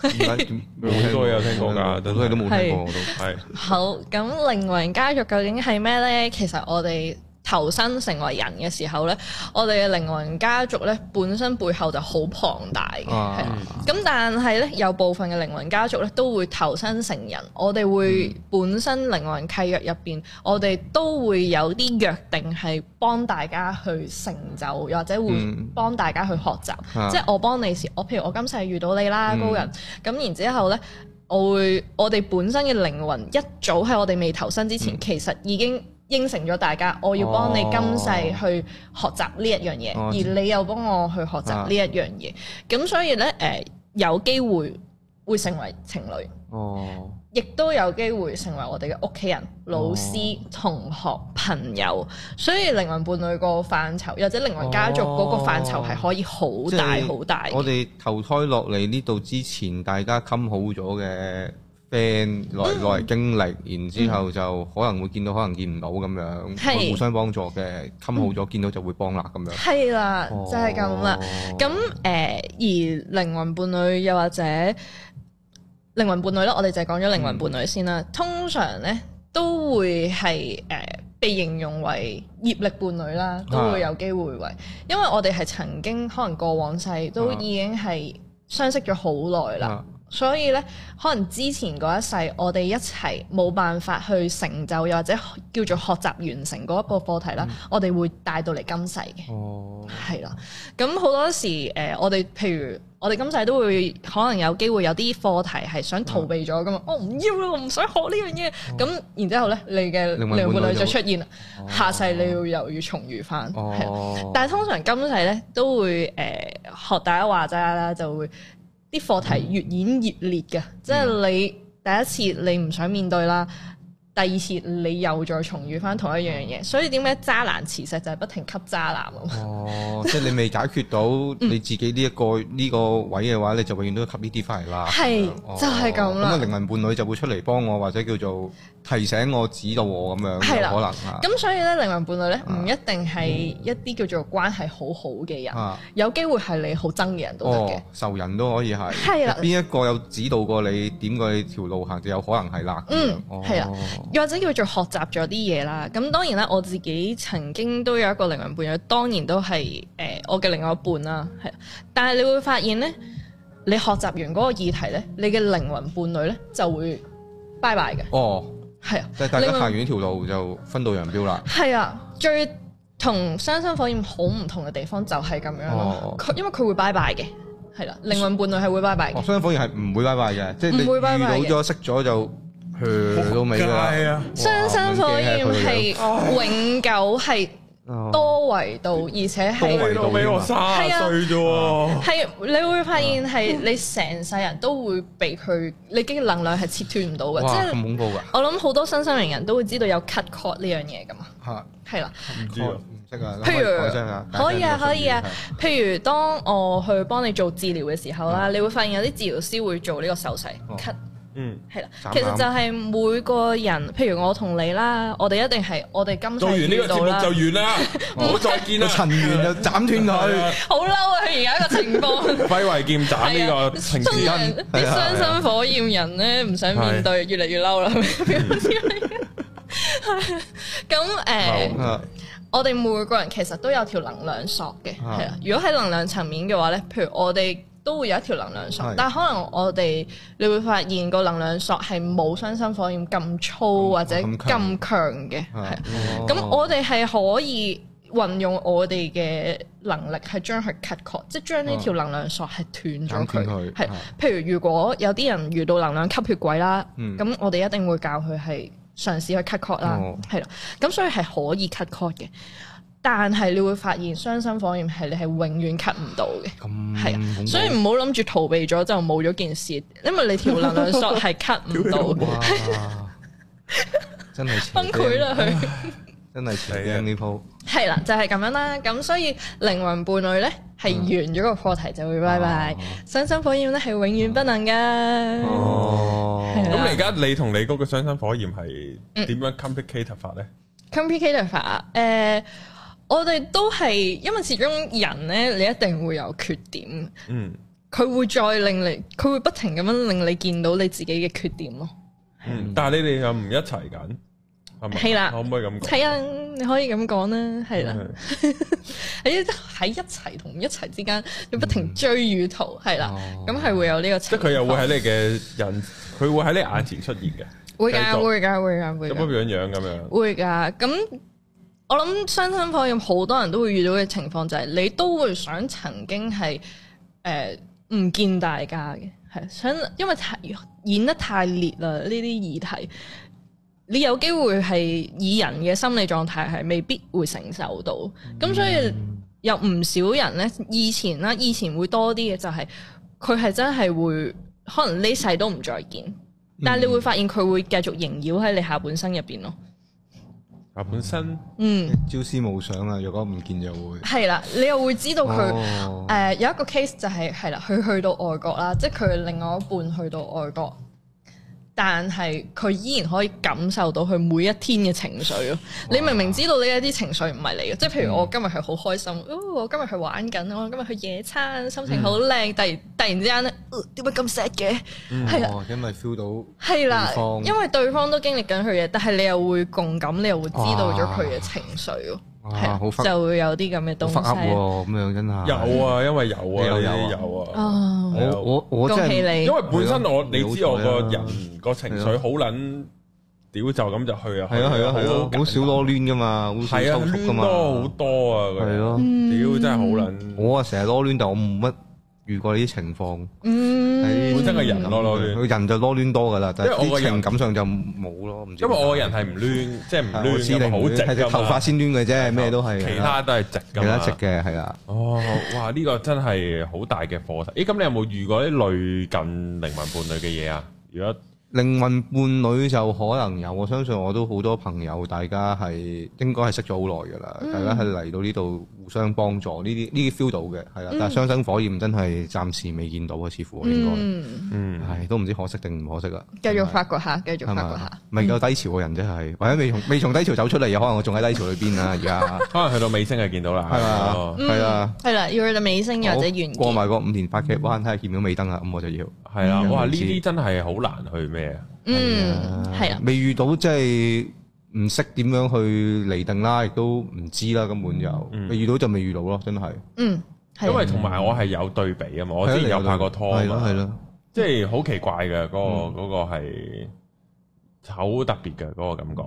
Speaker 1: 冇聽過，有聽過噶，但係都冇聽
Speaker 4: 過，我都係。好，咁靈魂家族究竟係咩咧？其實我哋投生成為人嘅時候呢，我哋嘅靈魂家族呢，本身背後就好龐大嘅，咁、啊、但係呢，有部分嘅靈魂家族呢，都會投生成人，我哋會本身靈魂契約入邊，我哋都會有啲約定係幫大家去成就，或者會幫大家去學習，啊、即係我幫你時，我譬如我今世遇到你啦，高人，咁、嗯、然之後呢，我會我哋本身嘅靈魂一早喺我哋未投生之前，嗯、其實已經。應承咗大家，我要幫你今世去學習呢一樣嘢，哦、而你又幫我去學習呢一樣嘢，咁、啊、所以呢，誒、呃、有機會會成為情侶，亦、哦、都有機會成為我哋嘅屋企人、老師、哦、同學、朋友，所以靈魂伴侶個範疇，或者靈魂家族嗰個範疇係可以好大好大。我
Speaker 3: 哋投胎落嚟呢度之前，大家冚好咗嘅。friend 來來經歷，然之後就可能會見到，可能見唔到咁樣，互相幫助嘅，咁好咗見到就會幫啦咁樣。
Speaker 4: 係啦，就係咁啦。咁誒，而靈魂伴侶又或者靈魂伴侶咧，我哋就係講咗靈魂伴侶先啦。通常咧都會係誒被形容為業力伴侶啦，都會有機會為，因為我哋係曾經可能過往世都已經係相識咗好耐啦。所以咧，可能之前嗰一世我哋一齊冇辦法去成就，又或者叫做學習完成嗰一個課題啦，我哋會帶到嚟今世嘅，係啦。咁好多時誒，我哋譬如我哋今世都會可能有機會有啲課題係想逃避咗噶嘛，我唔要啦，我唔想學、哦、呢樣嘢。咁然之後咧，你嘅兩個女就出現啦，哦、下世你要又要重遇返、哦。但係通常今世咧都會誒學、呃、大家話齋啦，就會。啲課題越演越烈嘅，嗯、即係你第一次你唔想面對啦，嗯、第二次你又再重遇翻同一樣嘢，嗯、所以點解渣男磁石就係不停吸渣男啊？哦，
Speaker 3: 即係你未解決到你自己呢、呢、一個呢、嗯、個位嘅話，你就永遠都吸呢啲翻嚟啦。係是，哦、就係咁啦。咁啊、哦，靈魂伴侶就會出嚟幫我，或者叫做。提醒我、指導我咁樣，係啦，有可能。咁
Speaker 4: 所以咧，靈魂伴侶咧唔一定係一啲叫做關係好好嘅人，啊、有機會係你好憎嘅人都得
Speaker 3: 嘅，仇人都可以係。係啦係啦。邊一個有指導過你點佢條路行，就有可能係啦。嗯，係啊、
Speaker 4: 哦。或者叫做學習咗啲嘢啦。咁當然啦，我自己曾經都有一個靈魂伴侶，當然都係誒、呃、我嘅另外一半啦。係。但係你會發現咧，你學習完嗰個議題咧，你嘅靈魂伴侶咧就會拜拜嘅。哦。係，即係、啊、大家行完呢
Speaker 3: 條路就分道揚鑣啦。
Speaker 4: 係啊，最同《雙生火焰》好唔同嘅地方就係咁樣咯。佢、哦、因為佢會拜拜嘅，係啦、啊。靈魂伴侶係會拜拜嘅，哦《雙
Speaker 3: 生火焰 bye bye》係唔會拜拜嘅，即係遇到咗、識咗就去到尾噶啦。《雙生火焰》係
Speaker 4: 永久係。呃呃多維度，而且係，係啊，係，你會發現係你成世人都會被佢，你嘅能量係切斷唔到嘅，即咁恐怖噶！我諗好多新生代人都會知道有 cut cord 呢樣嘢噶嘛，係啦，唔知
Speaker 2: 啊，唔識譬如，可以啊，可以啊，
Speaker 4: 譬如當我去幫你做治療嘅時候啦，你會發現有啲治療師會做呢個手勢 cut。嗯，係啦，其實就係每個人，譬如我同你啦，我哋一定係我哋今，做完呢個節目就完
Speaker 1: 啦，唔好 是再見啦，塵緣就，斬斷佢，
Speaker 4: 好嬲啊！而家 個情況，
Speaker 1: 揮慧劍斬呢個情絲，啲傷心
Speaker 4: 火焰人咧，唔想面對，的越嚟越嬲啦。咁誒，呃、好的我哋每個人其實都有條能量索嘅，係啦。如果喺能量層面嘅話咧，譬如我哋。都會有一條能量索，的但係可能我哋你會發現個能量索係冇雙生火焰咁粗或者咁強嘅，
Speaker 2: 係。咁我
Speaker 4: 哋係可以運用我哋嘅能力係將佢 cut cut，即係將呢條能量索係斷咗佢。斷佢。譬如如果有啲人遇到能量吸血鬼啦，咁、嗯、我哋一定會教佢係嘗試去 cut cut 啦，係啦、哦。咁、哦、所以係可以 cut cut 嘅。但係你會發現，雙生火焰係你係永遠 cut 唔到嘅，係啊，所以唔好諗住逃避咗就冇咗件事，因為你條能量索係 cut 唔到嘅，
Speaker 3: 真係崩潰啦佢，真係死啊呢鋪，
Speaker 4: 係啦，就係咁樣啦。咁所以靈魂伴侶咧係完咗個課題就會 bye bye，雙生火焰咧係永遠不能噶。
Speaker 1: 咁你而家你同你嗰個雙生火焰係點樣 complicated 法咧
Speaker 4: ？complicated 法，誒。我哋都係，因為始終人咧，你一定會有缺點。嗯，佢會再令你，佢會不停咁樣令你見到你自己嘅缺點咯。嗯，
Speaker 1: 但係你哋又唔一齊緊，係咪？係啦，可唔可以咁講？
Speaker 4: 係啊，你可以咁講啦，係啦。喺一喺一齊同一齊之間，你不停追與逃，係啦，咁係會有呢個。即係佢又會喺你
Speaker 1: 嘅人，佢會喺你眼前出現嘅。會噶，
Speaker 4: 會噶，會噶，會。咁樣
Speaker 1: 樣咁樣。
Speaker 4: 會噶，咁。我諗，雙生火焰好多人都會遇到嘅情況就係，你都會想曾經係誒唔見大家嘅，係想因為太演得太烈啦，呢啲議題，你有機會係以人嘅心理狀態係未必會承受到，咁、嗯、所以有唔少人咧，以前啦，以前會多啲嘅就係、是，佢係真係會可能呢世都唔再見，嗯、但係你會發現佢會繼續縈繞喺你下半生入邊咯。
Speaker 3: 啊，本身嗯朝思暮想啊，若果唔見就會
Speaker 4: 係啦，你又會知道佢誒、哦呃、有一個 case 就係係啦，佢去到外國啦，即係佢另外一半去到外國。但係佢依然可以感受到佢每一天嘅情緒咯。哇你明明知道呢一啲情緒唔係你嘅，哇即係譬如我今日係好開心，我今日去玩緊，我今日去野餐，心情好靚。突然、嗯、突然之間咧，點解咁 sad 嘅、嗯？係啊，
Speaker 3: 因為 feel 到。係啦、啊，因為
Speaker 4: 對方都經歷緊佢嘢，但係你又會共感，你又會知道咗佢嘅情緒。係，就會有啲咁嘅東西。
Speaker 3: 咁樣真係有啊，因為有啊，有有有
Speaker 1: 啊。
Speaker 4: 啊！我
Speaker 3: 我我真
Speaker 4: 係，因為
Speaker 1: 本身我你知我個人個情緒好撚屌就咁就去啊。係啊係啊，
Speaker 3: 好少囉亂㗎嘛，好少收縮㗎嘛。多好多啊，係咯，屌真係好撚。我啊成日囉亂，但我冇乜。遇過呢啲情況，
Speaker 1: 本身嘅人囉囉攣，
Speaker 3: 人就囉攣多噶啦。因為我嘅情感上
Speaker 1: 就冇咯。因為我嘅人係唔攣，即係唔攣先，好直噶嘛。頭髮先攣嘅啫，咩都係。其他都係直噶，其他直嘅係啦。哦，哇！呢個真係好大嘅課題。咦？咁你有冇遇過啲類近靈魂伴侶嘅嘢啊？如果
Speaker 3: 靈魂伴侶就可能有，我相信我都好多朋友，大家係應該係識咗好耐噶啦，大家係嚟到呢度。相幫助呢啲呢啲 feel 到嘅，係啦，但係雙生火焰真係暫時未見到啊，似乎應該，嗯嗯，唉，都唔知可惜定唔可惜啊！
Speaker 4: 繼續發掘下，繼續發掘下，
Speaker 3: 未夠低潮個人即係，或者未從未從低潮走出嚟啊，可能我仲喺低潮裏邊啊，而家可能去到尾聲就見到啦，係啦，係啦，
Speaker 4: 係啦，要去到尾聲又或者完
Speaker 3: 過埋嗰五年拍劇，哇！睇下見唔見到尾燈啊？咁我就要係啦，哇！呢啲真係好難去咩啊？嗯，係啊，未遇到即係。唔識點樣去釐定啦，亦都唔知
Speaker 1: 啦，根本就，你遇到就未遇到咯，真係。嗯，係。因為同埋我係有對比啊嘛，我之前有拍過拖嘛，係咯，即係好奇怪嘅嗰個嗰個係。好特別嘅嗰個感覺，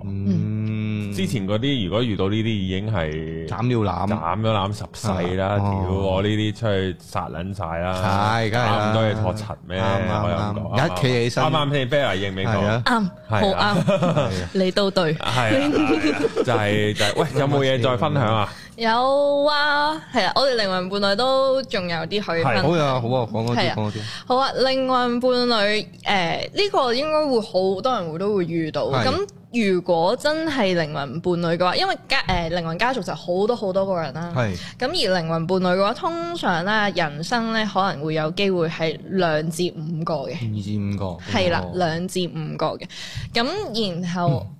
Speaker 1: 之前嗰啲如果遇到呢啲已經係斬料斬，斬咗斬十世啦，屌我呢啲出去殺撚晒啦，搞咁多嘢拖塵咩？我又唔講，而家企起身啱唔啱先？Bella 認唔認同啊？啱，
Speaker 4: 好啱，你都對，就
Speaker 1: 係就係，喂，有冇嘢再分享啊？
Speaker 4: 有啊，係啊，我哋靈魂伴侶都仲有啲可以係，好啊，
Speaker 1: 好啊，
Speaker 2: 講多啲，講多啲，
Speaker 4: 好啊，靈魂伴侶，誒、呃，呢、這個應該會好多人會都會遇到。咁是如果真係靈魂伴侶嘅話，因為家誒靈、呃、魂家族就好多好多個人啦，係是，咁而靈魂伴侶嘅話，通常咧人生咧可能會有機會係兩至五個嘅，
Speaker 2: 二至五個，
Speaker 3: 係啦、啊，
Speaker 4: 兩至五個嘅，咁然後。嗯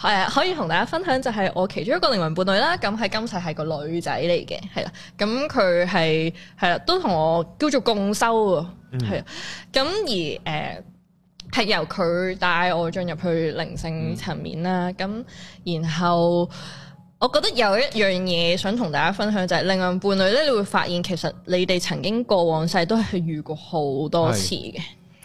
Speaker 4: 係啊，可以同大家分享就係我其中一個靈魂伴侶啦。咁係今世係個女仔嚟嘅，係啦。咁佢係係啦，都同我叫做共修喎，係。咁而誒係、呃、由佢帶我進入去靈性層面啦。咁、嗯、然後我覺得有一樣嘢想同大家分享就係、是、靈魂伴侶咧，你會發現其實你哋曾經過往世都係遇過好多次嘅。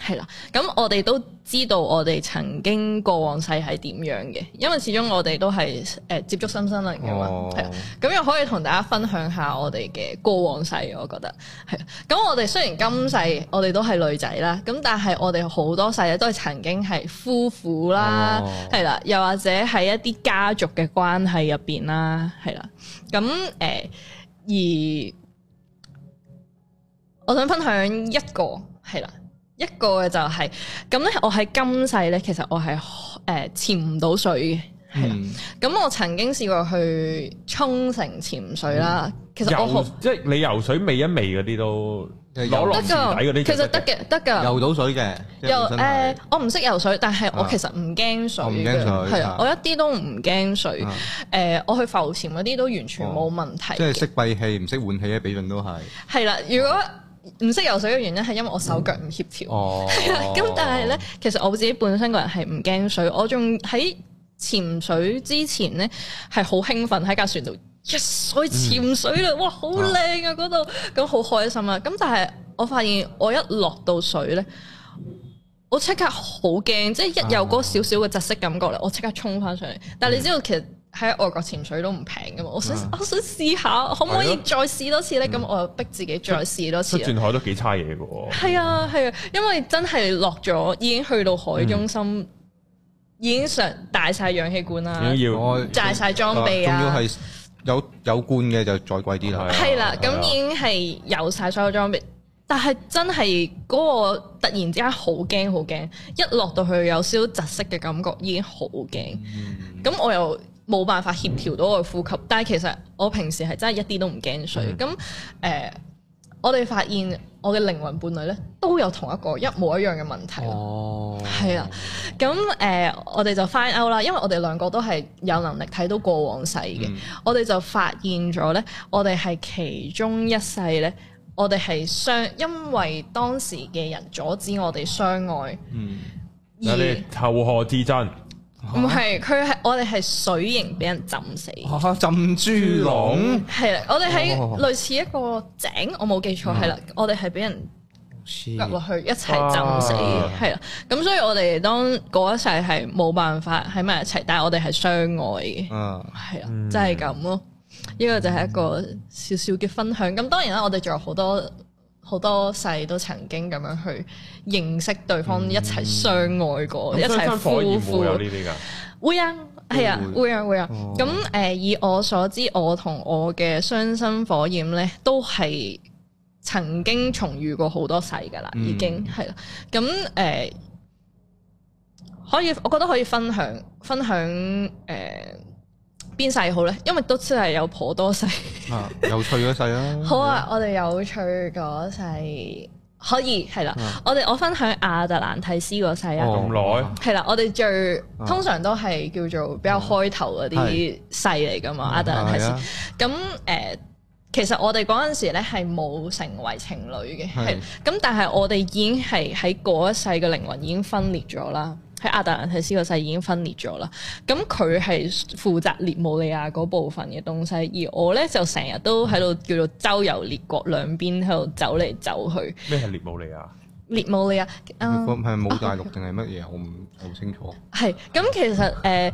Speaker 4: 係啦，咁我哋都知道我哋曾經過往世係點樣嘅，因為始終我哋都係誒、呃、接觸身心靈嘅嘛，係咁、oh. 又可以同大家分享下我哋嘅過往世，我覺得係，咁我哋雖然今世我哋都係女仔啦，咁但係我哋好多世嘢都係曾經係夫婦啦，係啦、oh.，又或者喺一啲家族嘅關係入邊啦，係啦，咁誒、呃，而我想分享一個係啦。一個嘅就係咁咧，我喺今世咧，其實我係誒潛唔到水
Speaker 1: 嘅，
Speaker 4: 係啦。咁我曾經試過去沖繩潛水啦。其實我好，
Speaker 1: 即係你游水未一微嗰啲都攞落池底啲，其實得
Speaker 4: 嘅，得㗎，游
Speaker 1: 到水嘅。又誒，
Speaker 4: 我唔識游水，但係我其實唔驚水嘅，係啊，我一啲都唔驚水。誒，我去浮潛嗰啲都完全冇問題。即係
Speaker 3: 識閉氣，唔識換氣嘅，比盡都係
Speaker 4: 係啦。如果唔識游水嘅原因係因為我手腳唔協調，
Speaker 2: 係
Speaker 3: 啊、嗯。咁、哦、 但係
Speaker 4: 咧，其實我自己本身個人係唔驚水，我仲喺潛水之前咧係好興奮喺架船度一、嗯 yes, 水潛水啦，哇好靚啊嗰度，咁、嗯、好開心啊。咁但係我發現我一落到水咧，我即刻、嗯、即刻好驚，即係一有嗰少少嘅窒息感覺咧，我即刻衝翻上嚟。但係你知道其實。喺外國潛水都唔平㗎嘛，我想我想試下，可唔可以再試多次咧？咁、嗯、我又逼自己再試多次出。出轉海
Speaker 1: 都幾差嘢㗎喎。
Speaker 4: 係、嗯、啊係啊，因為真係落咗，已經去到海中心，嗯、已經上帶晒氧氣罐啦，帶晒、啊、裝備啊，仲、啊、要係
Speaker 3: 有有罐嘅就再貴啲啦。係啦、啊，咁、啊啊啊啊、已經
Speaker 4: 係有晒所有裝備，但係真係嗰個突然之間好驚好驚，一落到去有少窒息嘅感覺，已經好驚。咁、嗯、我又。冇辦法協調到我呼吸，嗯、但係其實我平時係真係一啲都唔驚水。咁誒、嗯呃，我哋發現我嘅靈魂伴侶咧，都有同一個一模一樣嘅問題。哦，係啊。咁誒、呃，我哋就翻 out 啦，因為我哋兩個都係有能力睇到過往世嘅。嗯、我哋就發現咗咧，我哋係其中一世咧，我哋係相，因為當時嘅人阻止我哋相愛。嗯，而有
Speaker 1: 啲后何之真？
Speaker 4: 唔係，佢係我哋係水型俾人浸死，
Speaker 1: 啊，浸豬
Speaker 2: 籠
Speaker 4: 係啦。我哋喺類似一個井，我冇記錯係啦。我哋係俾人
Speaker 2: 入落去一齊浸死，係
Speaker 4: 啦噢。咁所以我哋當嗰一世係冇辦法喺埋一齊，但係我哋係相愛嘅，係啊噢，即係咁咯。呢、就係、噢個就係一個少少嘅分享。咁當然啦，我哋仲有好多。好多世都曾經咁樣去認識對方，一齊相愛過，嗯、一齊夫婦
Speaker 2: 有
Speaker 4: 呢啲噶會啊，係啊會啊會啊。咁誒以我所知，我同我嘅雙生火焰咧，都係曾經重遇過好多世噶啦，嗯、已經係啦。咁誒、啊呃、可以，我覺得可以分享分享誒。呃邊世好咧，因為都真係有頗多世，
Speaker 3: 啊，有趣嗰世啦。好啊，
Speaker 4: 我哋有趣嗰世可以係啦。我哋我分享亞特蘭蒂斯嗰世啊，咁耐係啦。我哋最通常都係叫做比較開頭嗰啲世嚟噶嘛，亞、啊、特蘭蒂斯。咁誒、啊呃，其實我哋嗰陣時咧係冇成為情侶嘅，係咁是，但係我哋已經係喺嗰一世嘅靈魂已經分裂咗啦。喺阿特蘭提斯個世已經分裂咗啦，咁佢係負責列姆利亞嗰部分嘅東西，而我咧就成日都喺度叫做周遊列國兩邊喺度走嚟走去。咩係列姆利亞？列姆利
Speaker 3: 亞個唔係冇大陸定係乜嘢？我唔好清楚。
Speaker 4: 係，咁其實誒。 呃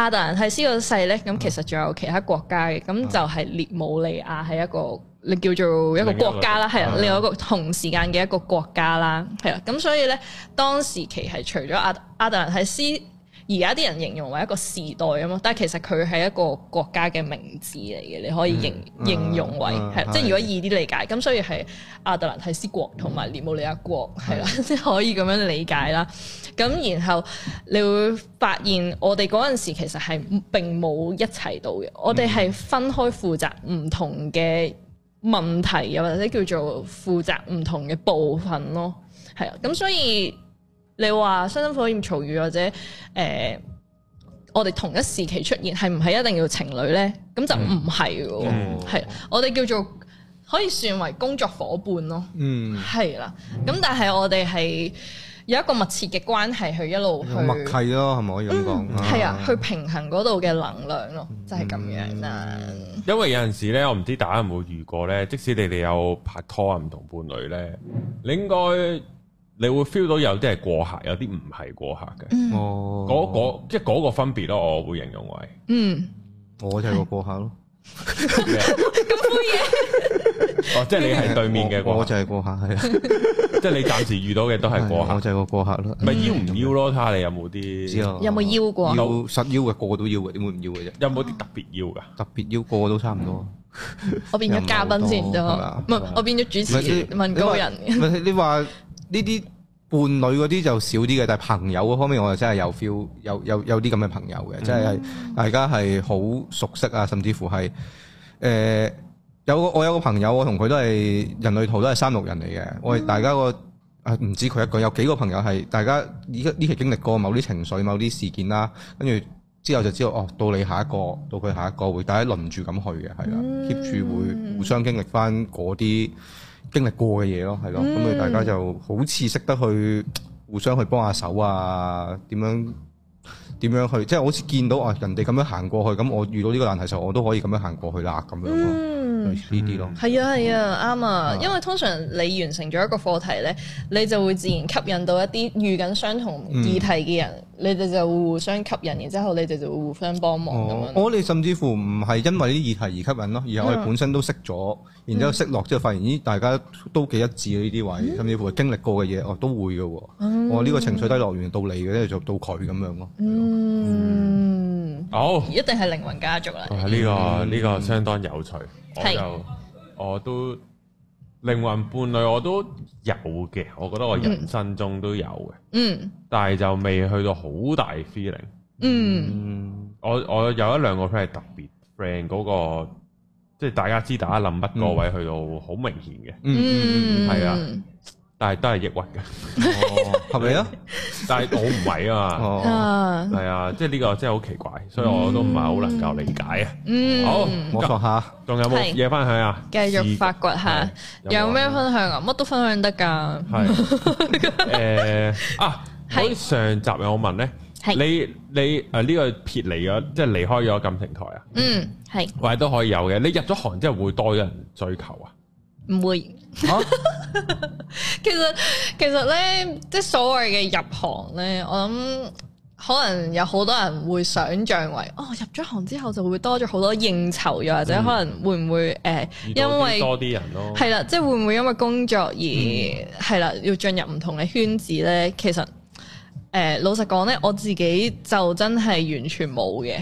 Speaker 4: 阿特蘭提斯個勢咧，咁其實仲有其他國家嘅，咁就係列姆利亞係一個，你叫做一個國家啦，係另外一個同時間嘅一個國家啦，係啦，咁所以咧，當時其實除咗阿阿特蘭提斯。而家啲人形容為一個時代啊嘛，但係其實佢係一個國家嘅名字嚟嘅，你可以形形容為係，嗯、對即係如果易啲理解。咁、嗯、所以係亞特蘭提斯國同埋尼姆利亞國係啦，即係、嗯、對可以咁樣理解啦。咁、嗯、然後你會發現，我哋嗰陣時其實係並冇一齊到嘅，嗯、我哋係分開負責唔同嘅問題，又或者叫做負責唔同嘅部分咯。係啊，咁所以。你話雙生火焰嘈語或者誒、呃，我哋同一時期出現係唔係一定要情侶咧？咁就唔係喎，係、嗯、我哋叫做可以算為工作伙伴咯，係啦、嗯。咁但係我哋係有一個密切嘅關係去一路去默契
Speaker 3: 咯、
Speaker 1: 啊，係咪可以咁講？係啊、嗯，去
Speaker 4: 平衡嗰度嘅能量咯，就係、係、咁樣啦。嗯、
Speaker 1: 因為有陣時咧，我唔知大家有冇遇過咧，即使你哋有拍拖啊，唔同伴侶咧，你應該。你會 feel 到有啲係過客，有啲唔係過客嘅。哦，嗰個即係嗰個分別咯，我會形容為，
Speaker 2: 嗯，
Speaker 1: 我就係個過客咯。咁灰嘢。哦，即係你係對面嘅過客，我就係過客，係啊。即係你暫時遇到嘅都係過客，我就係個過客咯。咪要唔要咯？睇下你有冇啲。有
Speaker 4: 冇要過？要
Speaker 1: 實要嘅，個個都要嘅，點會唔要嘅啫？有冇啲特別要㗎？特別要，個個都
Speaker 3: 差唔多。
Speaker 4: 我變咗嘉賓先，唔係我變咗主持問高人。
Speaker 3: 你話？呢啲伴侶嗰啲就少啲嘅，但係朋友嗰方面我就真係有 feel，有有有啲咁嘅朋友嘅，嗯、即係大家係好熟悉啊，甚至乎係誒、呃、有我有個朋友，我同佢都係人類圖都係三六人嚟嘅，嗯、我哋大家個啊，唔止佢一個，有幾個朋友係大家依家呢期經歷過某啲情緒、某啲事件啦，跟住之後就知道哦，到你下一個，到佢下一個會大家輪住咁去嘅，係啦，keep 住會互相經歷翻嗰啲。經歷過嘅嘢咯，係咯，咁你、嗯、大家就好似識得去互相去幫下手啊，點樣點樣去，即係好似見到啊人哋咁樣行過去，咁我遇到呢個難題時候，我都可以咁樣行過去啦，咁
Speaker 4: 樣咯。嗯呢啲咯，係啊係啊，啱啊！因為通常你完成咗一個課題咧，你就會自然吸引到一啲遇緊相同議題嘅人，你哋就會互相吸引，然之後你哋就會互相幫忙。我
Speaker 3: 哋甚至乎唔係因為呢啲議題而吸引咯，而係我哋本身都識咗，然之後識落之後發現咦，大家都幾一致呢啲位，甚至乎經歷過嘅嘢我都會㗎喎。我呢個情緒低落完到你嘅咧，就到佢咁樣咯。
Speaker 4: 好，oh，一定係靈魂家族啦。呢、嗯這
Speaker 1: 個呢、這個相當有趣，是我就我都靈魂伴侶我都有嘅，我覺得我人生中都有嘅。嗯，但係就未去到好大 feeling。嗯，嗯我我有一兩個 friend 係特別 friend 嗰，那個，即係大家知大家諗乜個位去到好明顯嘅。嗯嗯，係啊、嗯。但係都係抑鬱嘅，係咪啊？但係我唔係啊，
Speaker 4: 係
Speaker 1: 啊，即係呢個真係好奇怪，所以我都唔係好能夠理解啊。嗯，好，冇錯，下仲有冇嘢分享啊？繼續發
Speaker 4: 掘下，有咩分享啊？乜都分享得噶係
Speaker 1: 誒啊，喺上集有我問咧，你你誒呢個撇離咗，即係離開咗感情台啊？嗯，
Speaker 4: 係，
Speaker 1: 或者都可以有嘅。你入咗行之後會多咗人追求啊？
Speaker 4: 唔會。啊、 其實其實咧，即係所謂嘅入行咧，我諗可能有好多人會想象為哦，入咗行之後就會多咗好多應酬，又或者可能會唔會誒，呃嗯、因為多啲人
Speaker 2: 咯、哦，係啦，
Speaker 4: 即係會唔會因為工作而係啦、嗯，要進入唔同嘅圈子咧？其實。誒、呃，老實講咧，我自己就真係完全冇嘅，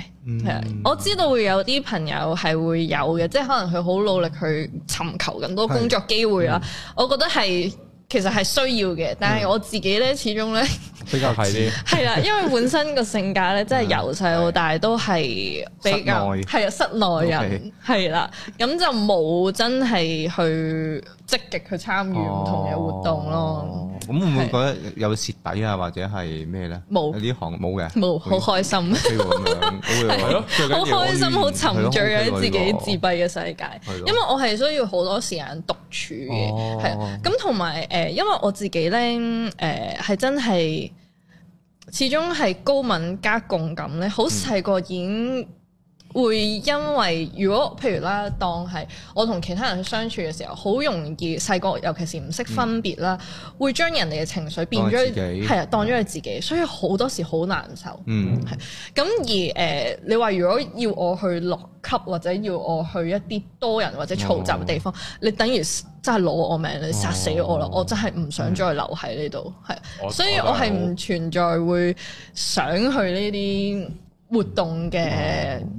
Speaker 4: 係啊、嗯，我知道會有啲朋友係會有嘅，即係可能佢好努力去尋求更多工作機會啦。嗯、我覺得係其實係需要嘅，但係我自己咧始終咧
Speaker 1: 比較係啲，
Speaker 4: 係啦、嗯，因為本身個性格咧，真係由細到大都係比較係啊內，室內人係啦，咁 Okay. 就冇真係去積極去參與唔同嘅活動咯，咁
Speaker 3: 會唔會覺得有蝕底啊，或者係咩咧？冇，呢行冇嘅，冇，好開
Speaker 4: 心，係咯，好開心，好沉醉喺自己自閉嘅世界，因為我係需要好多時間獨處嘅，係啊，咁同埋誒，因為我自己咧誒係真係始終係高敏加共感咧，好細個已經。會因為如果譬如啦，當係我同其他人去相處嘅時候，好容易細個，尤其是唔識分別啦，會將人哋嘅情緒變咗，係啊，當咗係自己，所以好多時好難受。嗯，係。咁而誒、呃，你話如果要我去落級，或者要我去一啲多人或者嘈雜嘅地方，哦、你等於真係攞我命，哦、你殺死我啦！我真係唔想再留喺呢度，係。嗯、所以我係唔存在會想去呢啲活動嘅、嗯。嗯。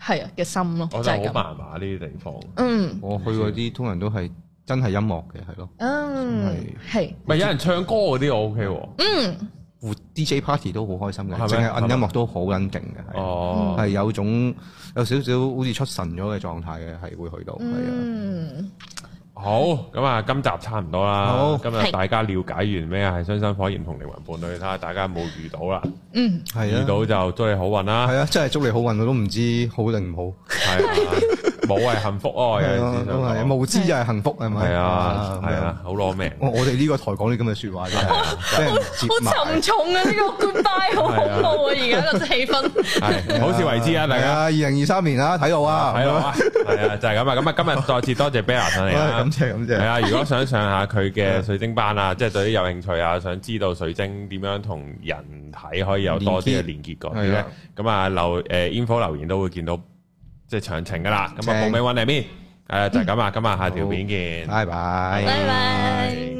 Speaker 4: 係啊嘅心咯，就係咁。我就好麻
Speaker 1: 麻
Speaker 3: 呢啲地方。嗯。我去嗰啲通常都係真係音樂嘅，係咯。
Speaker 4: 嗯。
Speaker 2: 係。
Speaker 3: 咪是有人唱歌嗰啲我 OK 喎。嗯。活 DJ party 都好開心嘅，淨係按音樂都好撚勁嘅。哦嗎。係有種有少少好似出神咗嘅狀態
Speaker 1: 嘅，係會去到
Speaker 2: 係啊。
Speaker 1: 嗯。的好咁啊！今集差唔多啦，好今日大家了解完咩啊？係《雙生火焰》同《靈魂伴侶》，睇下大家有冇遇到啦。嗯，係啊，遇到就祝你好運啦。
Speaker 3: 係啊，真係祝你好運，我都唔知好定唔好。係
Speaker 1: 啊。 冇係幸福啊，哦，
Speaker 3: 無知就係幸福係咪？係啊，係啊，
Speaker 1: 好攞命。我哋
Speaker 3: 呢個台講啲咁嘅說話真係好沉重啊！呢個 goodbye 好恐怖
Speaker 4: 啊，而家個氣
Speaker 2: 氛。係，
Speaker 1: 好視為之啊！大家
Speaker 3: 二零二三年啊，睇到啊，睇到
Speaker 1: 啊，係啊，就係咁啊。咁啊，今日再次多謝 Bella 上嚟，感謝，感謝。係啊，如果想上下佢嘅水晶班啊，即係對於有興趣啊，想知道水晶點樣同人體可以有多啲嘅連結嗰啲咧，咁啊留誒 info 留言都會見到。即係詳情㗎啦，咁啊報名揾你係邊？誒就係咁啊，今日下條片見，拜拜，拜拜。Bye bye bye bye